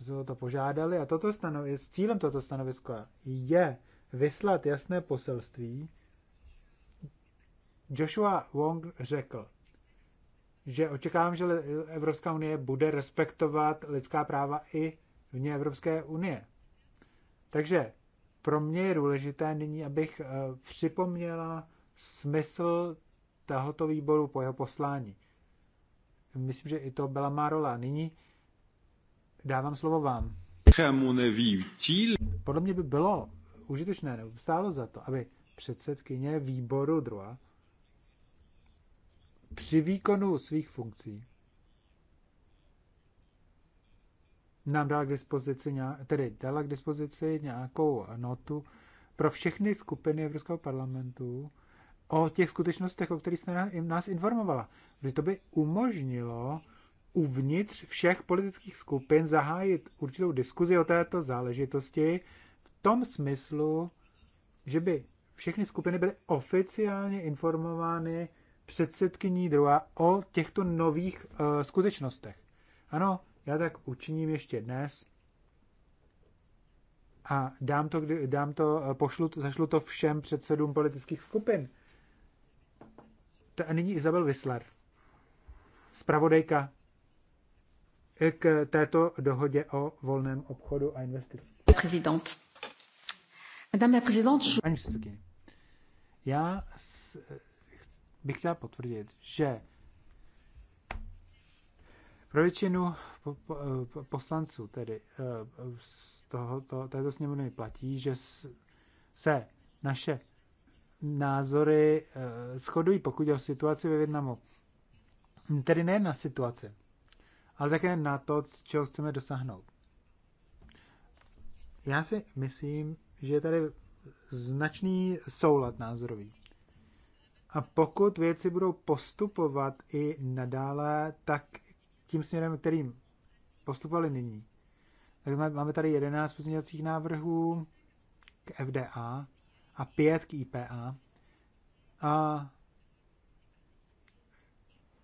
jsme o to požádali a toto stanovisko, cílem toto stanoviska je vyslat jasné poselství. Joshua Wong řekl, že očekávám, že Evropská unie bude respektovat lidská práva i vně Evropské unie. Takže pro mě je důležité nyní, abych eh, připomněla smysl tohoto výboru po jeho poslání. Myslím, že i to byla má rola. Nyní dávám slovo vám. Podle mě by bylo užitečné, nebo stálo za to, aby předsedkyně výboru druhá při výkonu svých funkcí nám dala k dispozici, tedy dala k dispozici nějakou notu pro všechny skupiny Evropského parlamentu o těch skutečnostech, o kterých jste nás informovala. Protože to by umožnilo uvnitř všech politických skupin zahájit určitou diskuzi o této záležitosti v tom smyslu, že by všechny skupiny byly oficiálně informovány předsedkyní druhá o těchto nových uh, skutečnostech. Ano, já tak učiním ještě dnes a dám to, dám to eh, pošlu, zašlu to všem předsedům politických skupin. To a nyní Izabel Wissler, zpravodajka k této dohodě o volném obchodu a investicích. Prezident. Madame la présidente, Paní předsedkyně, já bych chtěla potvrdit, že pro většinu eh, poslanců tedy eh, z tohoto, této sněmovny platí, že se naše názory eh, shodují, pokud je o situaci ve Větnamu. Tedy ne na situaci, ale také na to, čeho chceme dosáhnout. Já si myslím, že je tady značný soulad názorový. A pokud věci budou postupovat i nadále, tak tím směrem, kterým postupovali nyní. Tak máme tady 11 pozměňovacích návrhů k FDA a 5 k IPA. A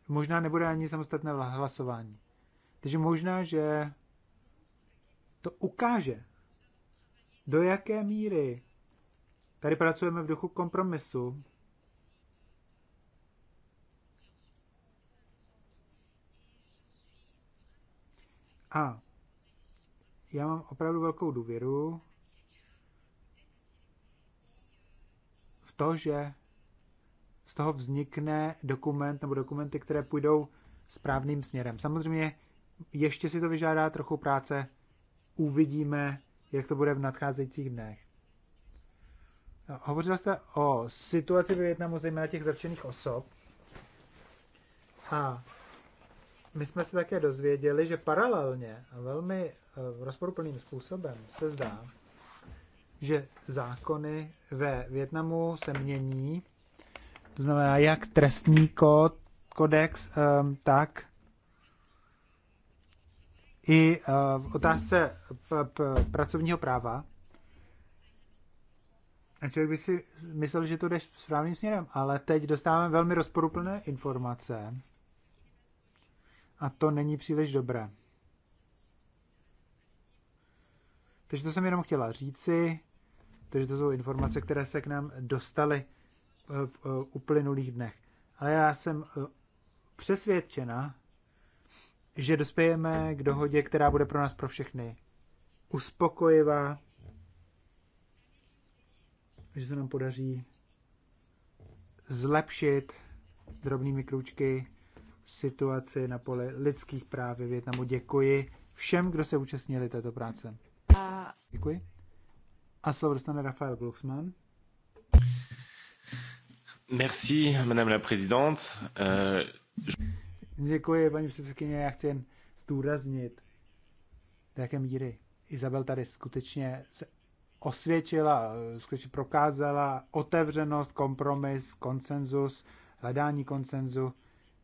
možná nebude ani samostatné hlasování. Takže možná, že to ukáže, do jaké míry tady pracujeme v duchu kompromisu A já mám opravdu velkou důvěru v to, že z toho vznikne dokument nebo dokumenty, které půjdou správným směrem. Samozřejmě ještě si to vyžádá trochu práce, uvidíme, jak to bude v nadcházejících dnech. Hovořila jste o situaci ve Větnamu, zejména těch zatčených osob. A my jsme se také dozvěděli, že paralelně a velmi eh, rozporuplným způsobem se zdá, že zákony ve Větnamu se mění, to znamená jak trestní kód, kodex, eh, tak i eh, v otázce pracovního práva. A člověk by si myslel, že to jde správným směrem, ale teď dostáváme velmi rozporuplné informace a to není příliš dobré. Takže to jsem jenom chtěla říci. Takže to jsou informace, které se k nám dostaly eh, eh, v uplynulých dnech. Ale já jsem eh, přesvědčena, že dospějeme k dohodě, která bude pro nás pro všechny uspokojivá, že se nám podaří zlepšit drobnými kručky situaci na poli lidských práv ve Větnamu. Děkuji všem, kdo se účastnili této práce. Děkuji. A slovo dostane Rafael Glucksmann. Merci, madame la présidente. Uh... Děkuji, paní předsedkyně. Já chci jen zdůraznit, do jaké míry Izabel tady skutečně se osvědčila, skutečně prokázala otevřenost, kompromis, konsenzus, hledání konsenzu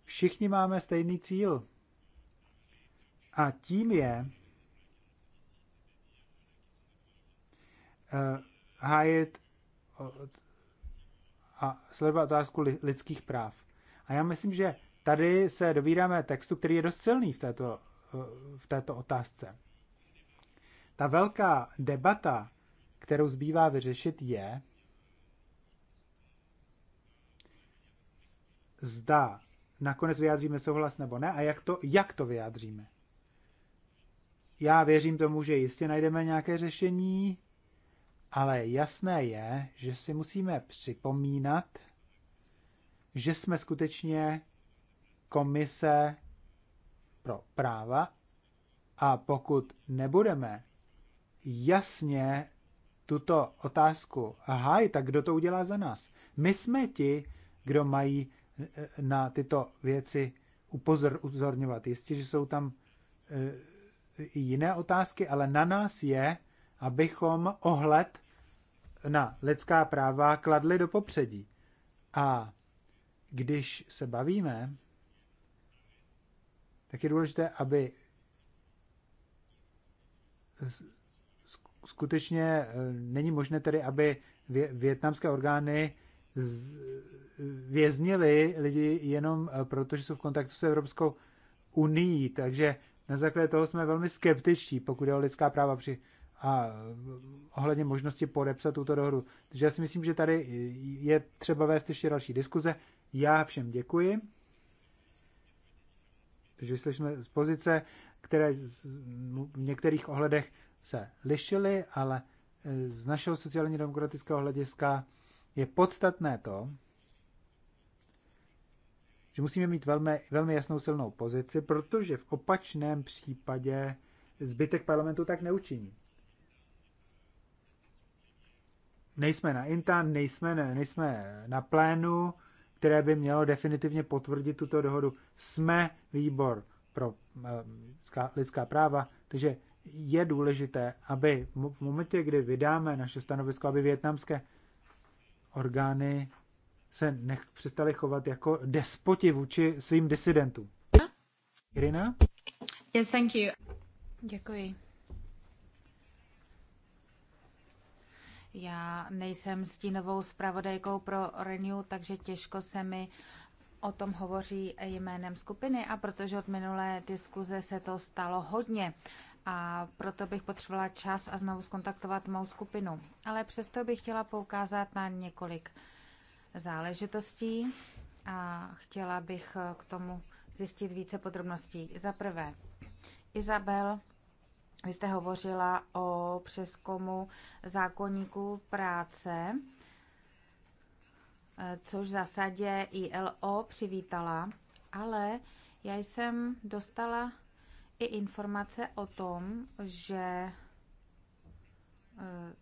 všichni máme stejný cíl. A tím je uh, hájit eh, a sledovat otázku lidských práv. A já myslím, že tady se dovídáme textu, který je dost silný v této, eh, v této otázce. Ta velká debata, kterou zbývá vyřešit, je, zda nakonec vyjádříme souhlas nebo ne a jak to, jak to vyjádříme. Já věřím tomu, že jistě najdeme nějaké řešení, ale jasné je, že si musíme připomínat, že jsme skutečně komise pro práva a pokud nebudeme jasně tuto otázku hájit, tak kdo to udělá za nás? My jsme ti, kdo mají na tyto věci upozorňovat. Jistě, že jsou tam eh, i jiné otázky, ale na nás je, abychom ohled na lidská práva kladli do popředí. A když se bavíme, tak je důležité, aby skutečně eh, není možné tedy, aby větnamské orgány věznili lidi jenom eh, proto, že jsou v kontaktu s Evropskou unii. Takže na základě toho jsme velmi skeptičtí, pokud je o lidská práva při a eh, ohledně možnosti podepsat tuto dohodu. Takže já si myslím, že tady je třeba vést ještě další diskuze. Já všem děkuji. Takže jsme z pozice, které v některých ohledech se lišily, ale eh, z našeho sociálně demokratického hlediska je podstatné to, že musíme mít velmi, velmi jasnou silnou pozici, protože v opačném případě zbytek parlamentu tak neučiní. Nejsme na Intan, nejsme, nejsme na plénu, které by mělo definitivně potvrdit tuto dohodu. Jsme výbor pro eh, lidská práva, takže je důležité, aby v momentě, kdy vydáme naše stanovisko, aby větnamské orgány se nech, přestali chovat jako despoti vůči svým disidentům. Irina? Yes, thank you. Děkuji. Já nejsem stínovou zpravodajkou pro Renew, takže těžko se mi o tom hovoří jménem skupiny a protože od minulé diskuze se to stalo hodně a proto bych potřebovala čas a znovu skontaktovat mou skupinu. Ale přesto bych chtěla poukázat na několik záležitostí a chtěla bych k tomu zjistit více podrobností. Za prvé, Izabel, vy jste hovořila o přeskomu zákonníků práce, což v zásadě ILO přivítala, ale já jsem dostala i informace o tom, že eh,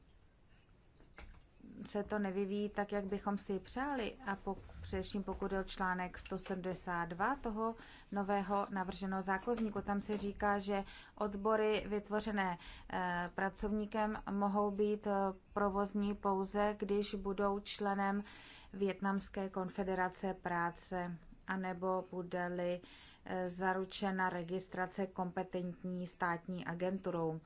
se to nevyvíjí tak, jak bychom si přáli a pok, především pokud je o článek 172 toho nového navrženého zákazníku. Tam se říká, že odbory vytvořené eh, pracovníkem mohou být eh, provozní pouze, když budou členem Větnamské konfederace práce anebo bude-li eh, zaručena registrace kompetentní státní agenturou.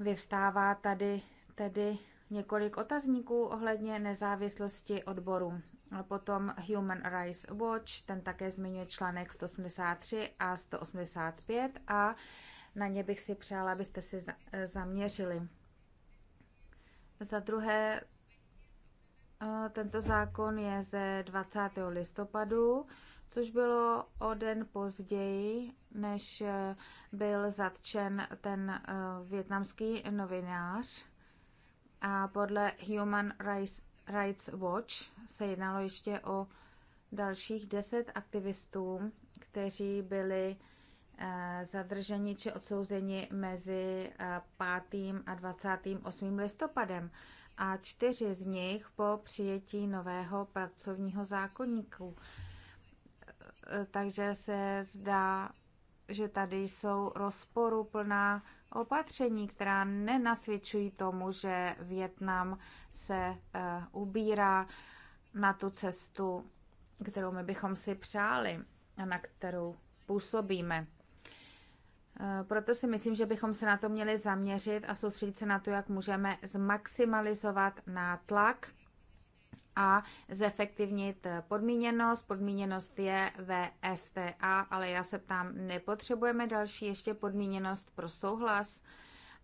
Vyvstává tady tedy několik otazníků ohledně nezávislosti odboru. Potom Human Rights Watch, ten také zmiňuje článek 183 a 185 a na ně bych si přála, abyste si zaměřili. Za druhé, eh, tento zákon je ze 20. listopadu což bylo o den později, než eh, byl zatčen ten eh, větnamský novinář. A podle Human Rights, Watch se jednalo ještě o dalších deset aktivistů, kteří byli eh, zadrženi či odsouzeni mezi 5. a 28. listopadem a čtyři z nich po přijetí nového pracovního zákonníku takže se zdá, že tady jsou rozporuplná opatření, která nenasvědčují tomu, že Větnam se eh, ubírá na tu cestu, kterou my bychom si přáli a na kterou působíme. Eh, proto si myslím, že bychom se na to měli zaměřit a soustředit se na to, jak můžeme zmaximalizovat nátlak a zefektivnit podmíněnost. Podmíněnost je ve FTA, ale já se ptám, nepotřebujeme další ještě podmíněnost pro souhlas?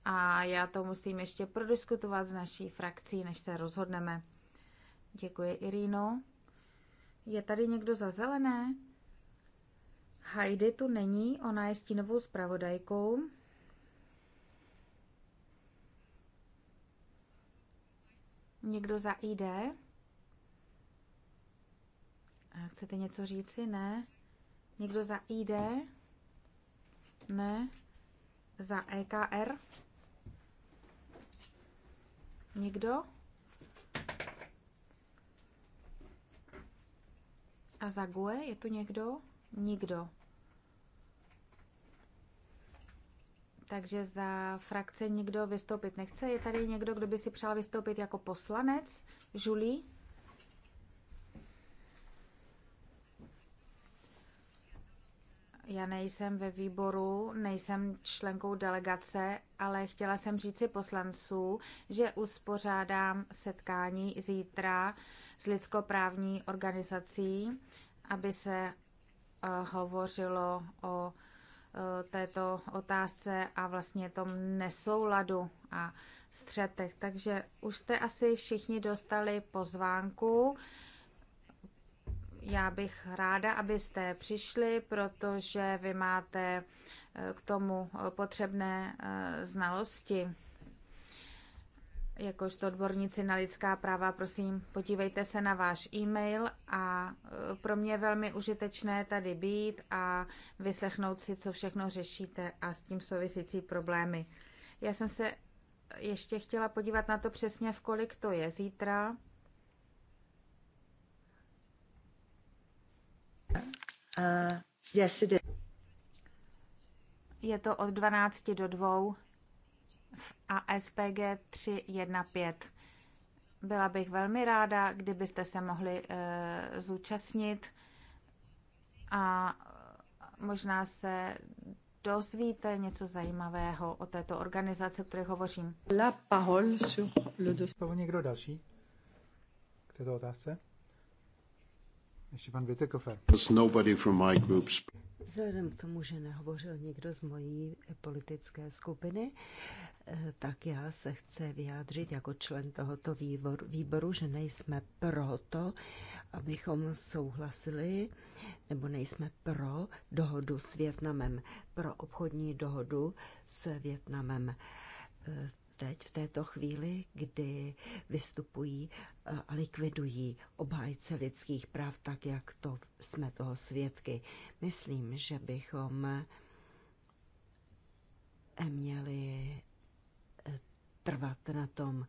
A já to musím ještě prodiskutovat s naší frakcí, než se rozhodneme. Děkuji, Irino. Je tady někdo za zelené? Heidi tu není, ona je stínovou zpravodajkou. Někdo za ID? Chcete něco říci? Ne. Někdo za ID? Ne. Za EKR? Někdo? A za GUE je tu někdo? Nikdo. Takže za frakce nikdo vystoupit nechce. Je tady někdo, kdo by si přál vystoupit jako poslanec? Julie? Já nejsem ve výboru, nejsem členkou delegace, ale chtěla jsem říci poslanců, že uspořádám setkání zítra s lidskoprávní organizací, aby se eh, hovořilo o eh, této otázce a vlastně tom nesouladu a střetech. Takže už jste asi všichni dostali pozvánku. Já bych ráda, abyste přišli, protože vy máte eh, k tomu eh, potřebné eh, znalosti. Jakožto odborníci na lidská práva, prosím, podívejte se na váš e-mail a pro mě je velmi užitečné tady být a vyslechnout si, co všechno řešíte a s tím souvisící problémy. Já jsem se ještě chtěla podívat na to přesně, v kolik to je zítra. Uh, yes, it is. Je to od 12 do 2 v ASPG 315. Byla bych velmi ráda, kdybyste se mohli uh, zúčastnit a možná se dozvíte něco zajímavého o této organizaci, o které hovořím. La parole sur le dossier. někdo další k této otázce? Ještě pan Vitekofer. Vzhledem k tomu, že nehovořil nikdo z mojí eh, politické skupiny, eh, tak já se chci vyjádřit jako člen tohoto výboru, výboru že nejsme proto, abychom souhlasili, nebo nejsme pro dohodu s Větnamem, pro obchodní dohodu s Větnamem eh, teď, v této chvíli, kdy vystupují likvidují obhájce lidských práv tak, jak to jsme toho svědky. Myslím, že bychom eh, měli eh, trvat na tom,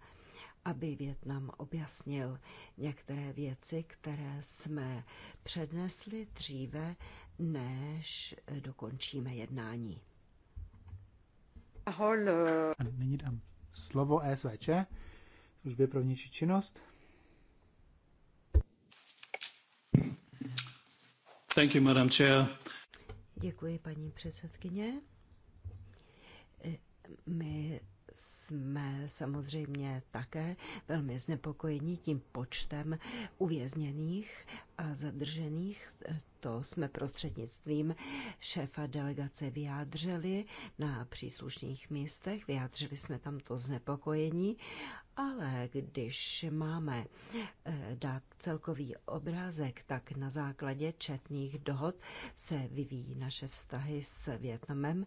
aby Větnam objasnil některé věci, které jsme přednesli dříve, než eh, dokončíme jednání. Ahoj. A nyní dám slovo ESVČ, službě pro vnější činnost. Thank you, Madam Chair. Děkuji, paní předsedkyně. E, my jsme samozřejmě také velmi znepokojeni tím počtem uvězněných a zadržených. To jsme prostřednictvím šéfa delegace vyjádřili na příslušných místech, vyjádřili jsme tam to znepokojení, ale když máme eh, dát celkový obrázek, tak na základě četných dohod se vyvíjí naše vztahy s Větnamem.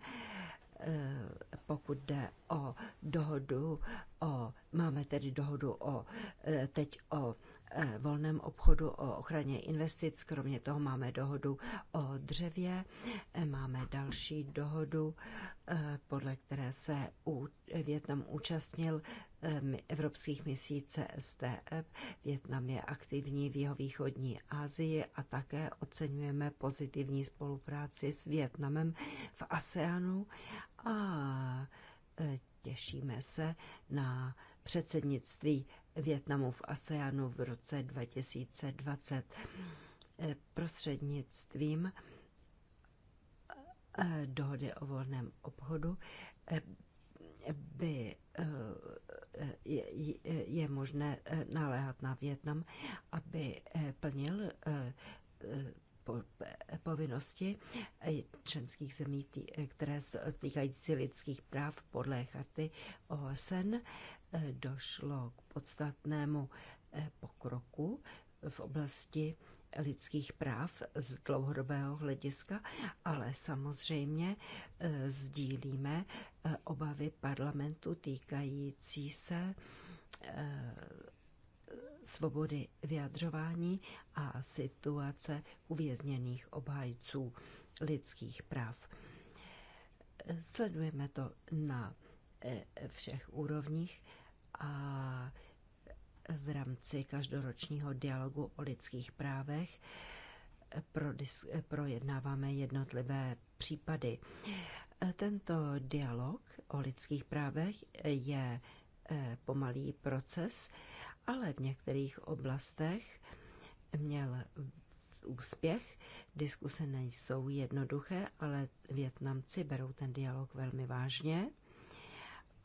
Eh, pokud jde o dohodu o, máme tedy dohodu o, eh, teď o eh, volném obchodu, o ochraně investic, kromě toho máme dohodu o dřevě, máme další dohodu, podle které se Větnam účastnil evropských misí CSTF. Větnam je aktivní v jihovýchodní Asii a také oceňujeme pozitivní spolupráci s Větnamem v ASEANu a e, těšíme se na předsednictví Větnamu v ASEANu v roce 2020 e, prostřednictvím e, dohody o volném obchodu by je, možné naléhat na Větnam, aby plnil povinnosti eh, členských zemí, eh, které se týkající lidských práv podle charty OSN, eh, došlo k podstatnému pokroku v oblasti lidských práv z dlouhodobého hlediska, ale samozřejmě sdílíme obavy parlamentu týkající se svobody vyjadřování a situace uvězněných obhájců lidských práv. Sledujeme to na eh, všech úrovních a v rámci každoročního dialogu o lidských právech eh, eh, projednáváme jednotlivé případy. Tento dialog o lidských právech je pomalý proces, ale v některých oblastech měl úspěch. Diskuse nejsou jednoduché, ale Větnamci berou ten dialog velmi vážně.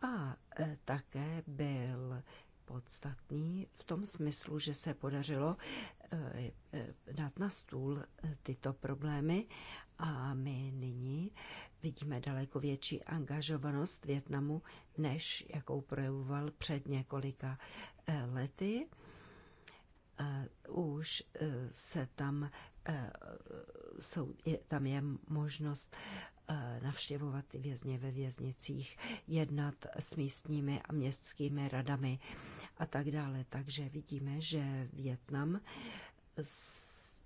A e, také byl podstatný v tom smyslu, že se podařilo e, e, dát na stůl tyto problémy a my nyní vidíme daleko větší angažovanost Větnamu, než jakou projevoval před několika lety. Eh, už eh, se tam, eh, jsou, tam je možnost navštěvovat vězně ve věznicích, jednat s místními a městskými radami a tak dále. Takže vidíme, že Větnam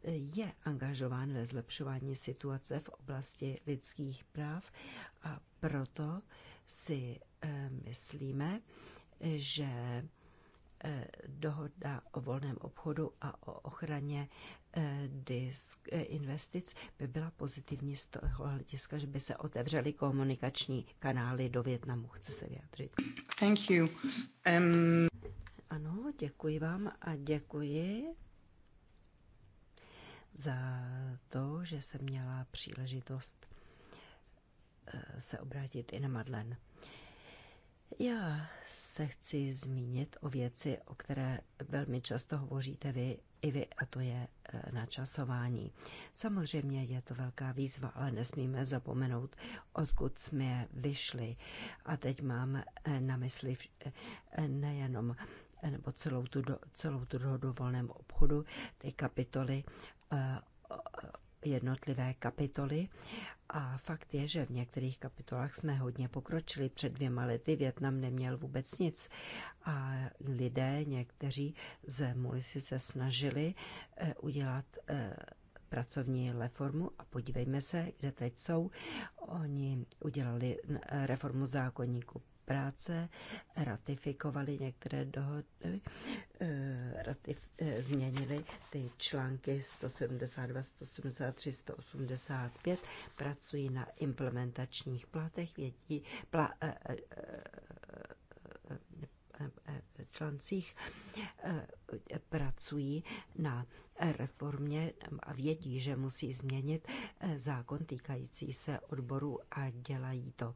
je angažován ve zlepšování situace v oblasti lidských práv a proto si myslíme, že Eh, dohoda o volném obchodu a o ochraně eh, disk, eh, investic by byla pozitivní z toho hlediska, že by se otevřely komunikační kanály do Větnamu. Chce se vyjádřit. Thank you. Um... Ano, děkuji vám a děkuji za to, že jsem měla příležitost se obrátit i na Madlen. Já se chci zmínit o věci, o které velmi často hovoříte vy i vy, a to je e, načasování. Samozřejmě je to velká výzva, ale nesmíme zapomenout, odkud jsme vyšli. A teď mám e, na mysli e, nejenom nebo celou tu, do, celou tu dohodu volném obchodu, ty kapitoly, jednotlivé kapitoly, a fakt je, že v některých kapitolách jsme hodně pokročili. Před dvěma lety Větnam neměl vůbec nic. A lidé, někteří z Mulisi se snažili eh, udělat eh, pracovní reformu a podívejme se, kde teď jsou. Oni udělali eh, reformu zákonníku práce ratifikovali některé dohody, eh, ratif, eh, změnili ty články 172, 173, 185, pracují na implementačních platech, vědí, pla, eh, článcích eh, pracují na reformě a vědí, že musí změnit eh, zákon týkající se odboru a dělají to.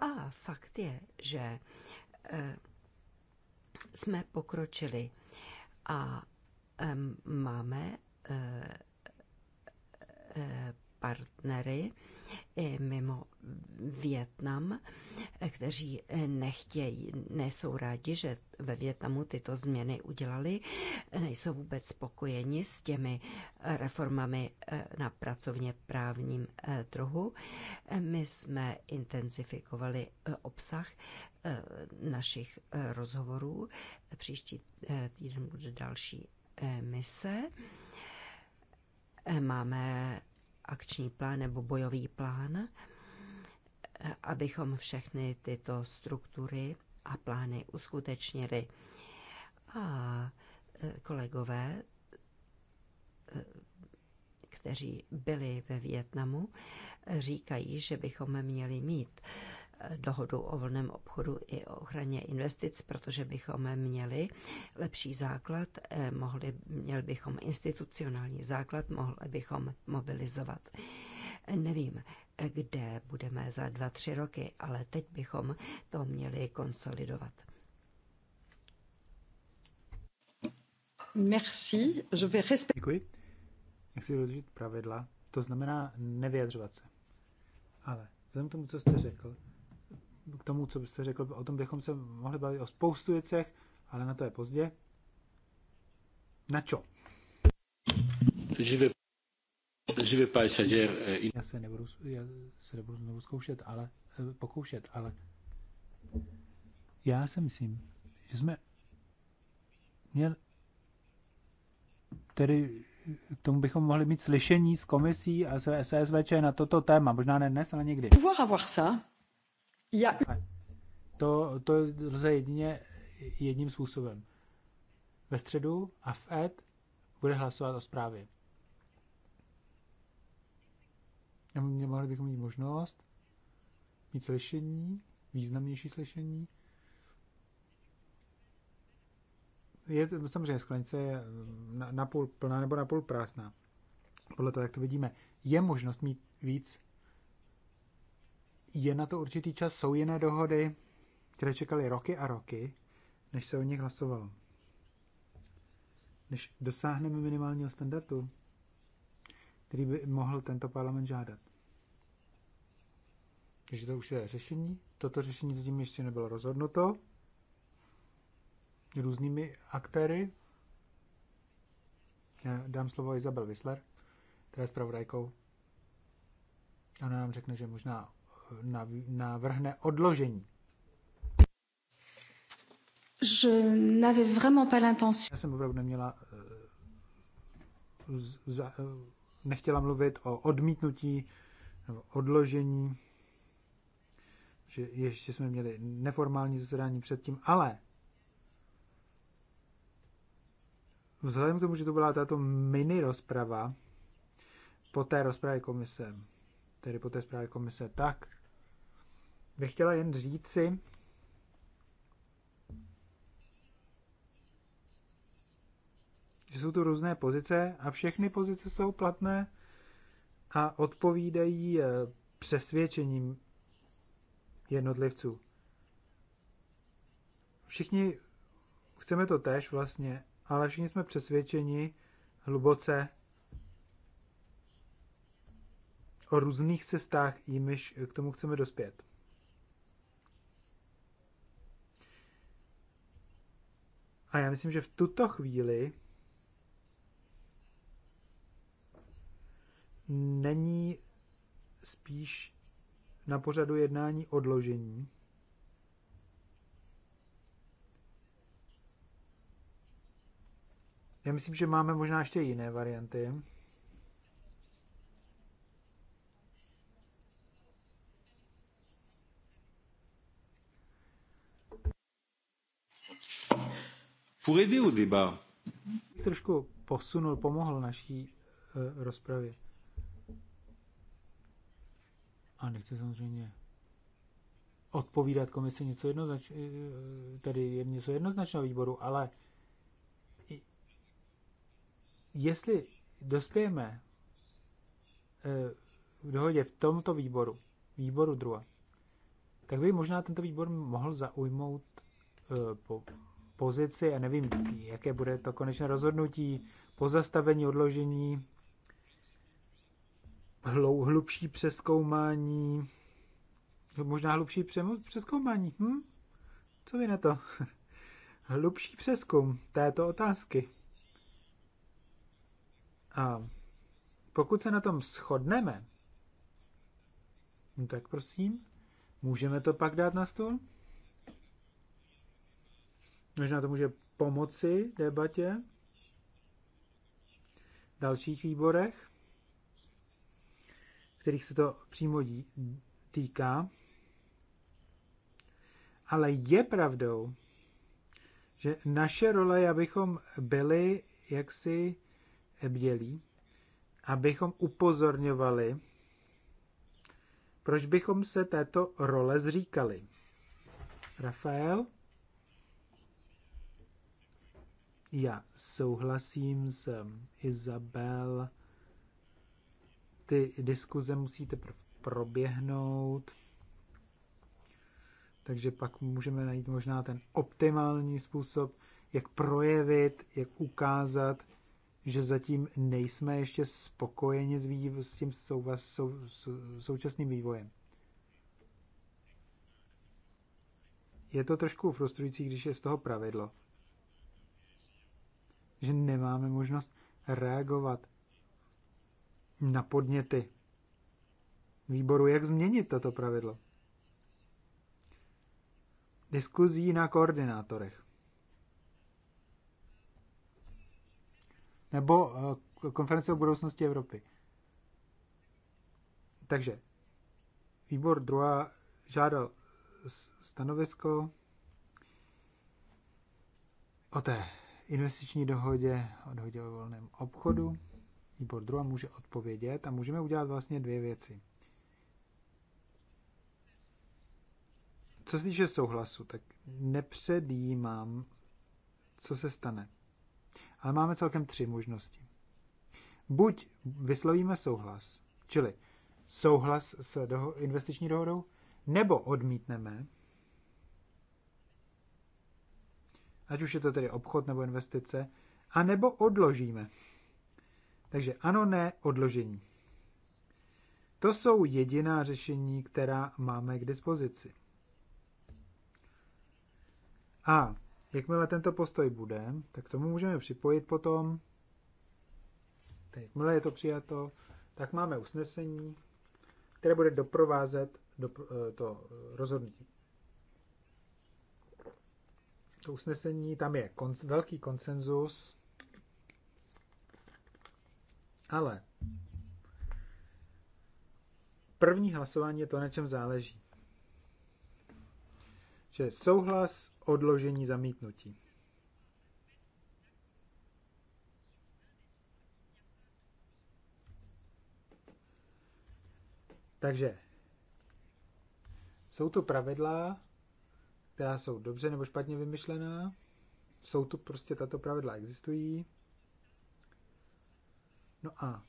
A fakt je, že eh, jsme pokročili a máme partnery i eh, mimo Větnam, eh, kteří eh, nechtějí, nejsou rádi, že ve Větnamu tyto změny udělali, nejsou vůbec spokojeni s těmi reformami na pracovně právním trhu. My jsme intenzifikovali obsah našich rozhovorů. Příští týden bude další mise. Máme akční plán nebo bojový plán, abychom všechny tyto struktury a plány uskutečnili. A e, kolegové, e, kteří byli ve Větnamu, říkají, že bychom měli mít dohodu o volném obchodu i o ochraně investic, protože bychom měli lepší základ, eh, mohli, měli bychom institucionální základ, mohli bychom mobilizovat. Nevím, kde budeme za dva, tři roky, ale teď bychom to měli konsolidovat. Merci, je vais respect... Děkuji. Jak si dodržet pravidla, to znamená nevyjadřovat se. Ale vzhledem k tomu, co jste řekl, k tomu, co byste řekl, o tom bychom se mohli bavit o spoustu věcech, ale na to je pozdě. Na čo? Živě živě eh, Já se nebudu, já se nebudu znovu zkoušet, ale eh, pokoušet, ale já si myslím, že jsme měli tedy k tomu bychom mohli mít slyšení s komisí a se SSVČ na toto téma, možná ne dnes, ale někdy. Pouvoir avoir ça, já... To, to lze jedině jedním způsobem. Ve středu a v ED bude hlasovat o zprávě. Mohli bychom mít možnost mít slyšení, významnější slyšení. Je samozřejmě sklenice je mm, napůl plná nebo napůl prázdná. Podle toho, jak to vidíme, je možnost mít víc je na to určitý čas, jsou jiné dohody, které čekaly roky a roky, než se o nich hlasovalo. Než dosáhneme minimálního standardu, který by mohl tento parlament žádat. Takže to už je řešení. Toto řešení zatím ještě nebylo rozhodnuto různými aktéry. Já dám slovo Izabel Wissler, která je zpravodajkou. Ona nám řekne, že možná navrhne odložení. Je n'avais vraiment pas l'intention. Já jsem opravdu neměla eh, za, eh, nechtěla mluvit o odmítnutí nebo odložení, že ještě jsme měli neformální zasedání předtím, ale vzhledem k tomu, že to byla tato mini rozprava po té rozpravě komise, tedy po té zprávě komise, tak bych chtěla jen říci, že jsou tu různé pozice a všechny pozice jsou platné a odpovídají eh, přesvědčením jednotlivců. Všichni chceme to tež vlastně, ale všichni jsme přesvědčeni hluboce o různých cestách, jimiž k tomu chceme dospět. A já myslím, že v tuto chvíli není spíš na pořadu jednání odložení. Já myslím, že máme možná ještě jiné varianty. pour aider au débat. Trošku posunul, pomohl naší uh, rozpravě. A nechci samozřejmě odpovídat komisi něco jednoznačného, eh, tady je něco jednoznačného výboru, ale jestli dospějeme eh, v dohodě v tomto výboru, výboru druhé, tak by možná tento výbor mohl zaujmout po pozici a nevím, jaké bude to konečné rozhodnutí, pozastavení, odložení, hlou, hlubší přeskoumání, možná hlubší přeskoumání, hm? Co vy na to? *laughs* hlubší přeskum této otázky. A pokud se na tom shodneme, no tak prosím, můžeme to pak dát na stůl? Možná to může pomoci debatě v dalších výborech, kterých se to přímo týká. Ale je pravdou, že naše role je, abychom byli jaksi bdělí, abychom upozorňovali, proč bychom se této role zříkali. Rafael? Já souhlasím s um, Izabel. Ty diskuze musíte proběhnout, takže pak můžeme najít možná ten optimální způsob, jak projevit, jak ukázat, že zatím nejsme ještě spokojeni s, vývo- s tím sou- sou- sou- současným vývojem. Je to trošku frustrující, když je z toho pravidlo, že nemáme možnost reagovat na podněty výboru, jak změnit toto pravidlo. Diskuzí na koordinátorech. Nebo eh, konference o budoucnosti Evropy. Takže výbor druhá žádal stanovisko o té investiční dohodě o dohodě o volném obchodu. Výbor druhá může odpovědět a můžeme udělat vlastně dvě věci. Co se týče souhlasu, tak nepředjímám, co se stane. Ale máme celkem tři možnosti. Buď vyslovíme souhlas, čili souhlas s investiční dohodou, nebo odmítneme ať už je to tedy obchod nebo investice, a nebo odložíme. Takže ano, ne, odložení. To jsou jediná řešení, která máme k dispozici. A jakmile tento postoj bude, tak tomu můžeme připojit potom, tak jakmile je to přijato, tak máme usnesení, které bude doprovázet do, to rozhodnutí to usnesení, tam je kon, velký konsenzus, ale první hlasování je to, na čem záleží. Že souhlas, odložení, zamítnutí. Takže jsou to pravidla, která jsou dobře nebo špatně vymyšlená. Jsou tu prostě tato pravidla, existují. No a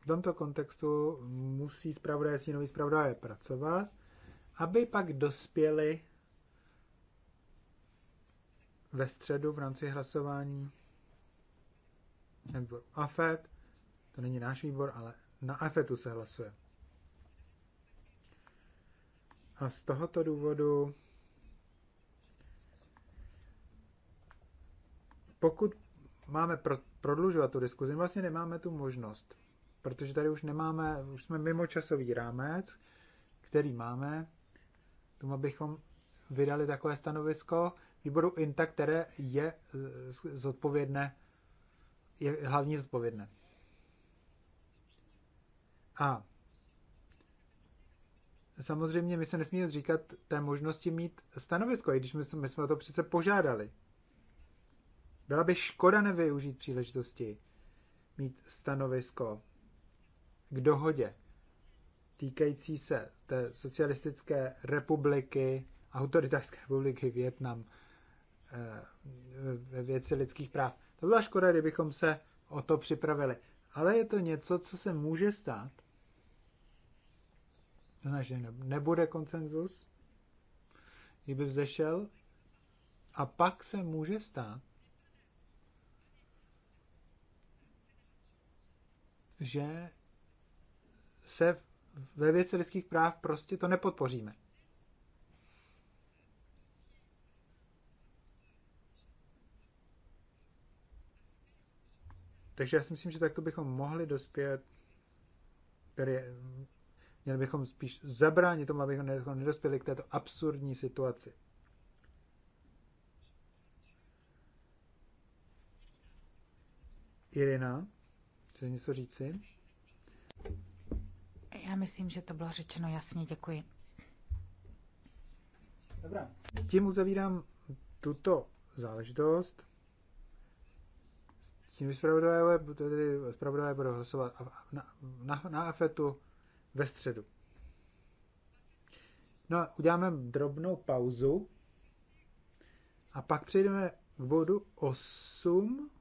v tomto kontextu musí zpravodaj, nový zpravodaj pracovat, aby pak dospěli ve středu v rámci hlasování nebo výbor AFET, to není náš výbor, ale na AFETu se hlasuje. A z tohoto důvodu pokud máme pro, prodlužovat tu diskuzi, vlastně nemáme tu možnost, protože tady už nemáme, už jsme mimo časový rámec, který máme, tomu abychom vydali takové stanovisko výboru INTA, které je eh, zodpovědné, je hlavní zodpovědné. A samozřejmě my se nesmíme zříkat té možnosti mít stanovisko, i když my jsme, my jsme o to přece požádali. Byla by škoda nevyužít příležitosti mít stanovisko k dohodě týkající se té socialistické republiky, autoritářské republiky Větnam eh, ve věci lidských práv. To byla škoda, kdybychom se o to připravili. Ale je to něco, co se může stát. To znamená, že nebude konsenzus, kdyby vzešel. A pak se může stát, že se ve věci lidských práv prostě to nepodpoříme. Takže já si myslím, že takto bychom mohli dospět, tedy měli bychom spíš zabránit tomu, abychom nedospěli k této absurdní situaci. Irina? Chceš něco říci? Já myslím, že to bylo řečeno jasně, děkuji. Dobrá. Tím uzavírám tuto záležitost. S tím zpravodajové budou hlasovat na, na, na afetu ve středu. No a uděláme drobnou pauzu a pak přejdeme k bodu 8,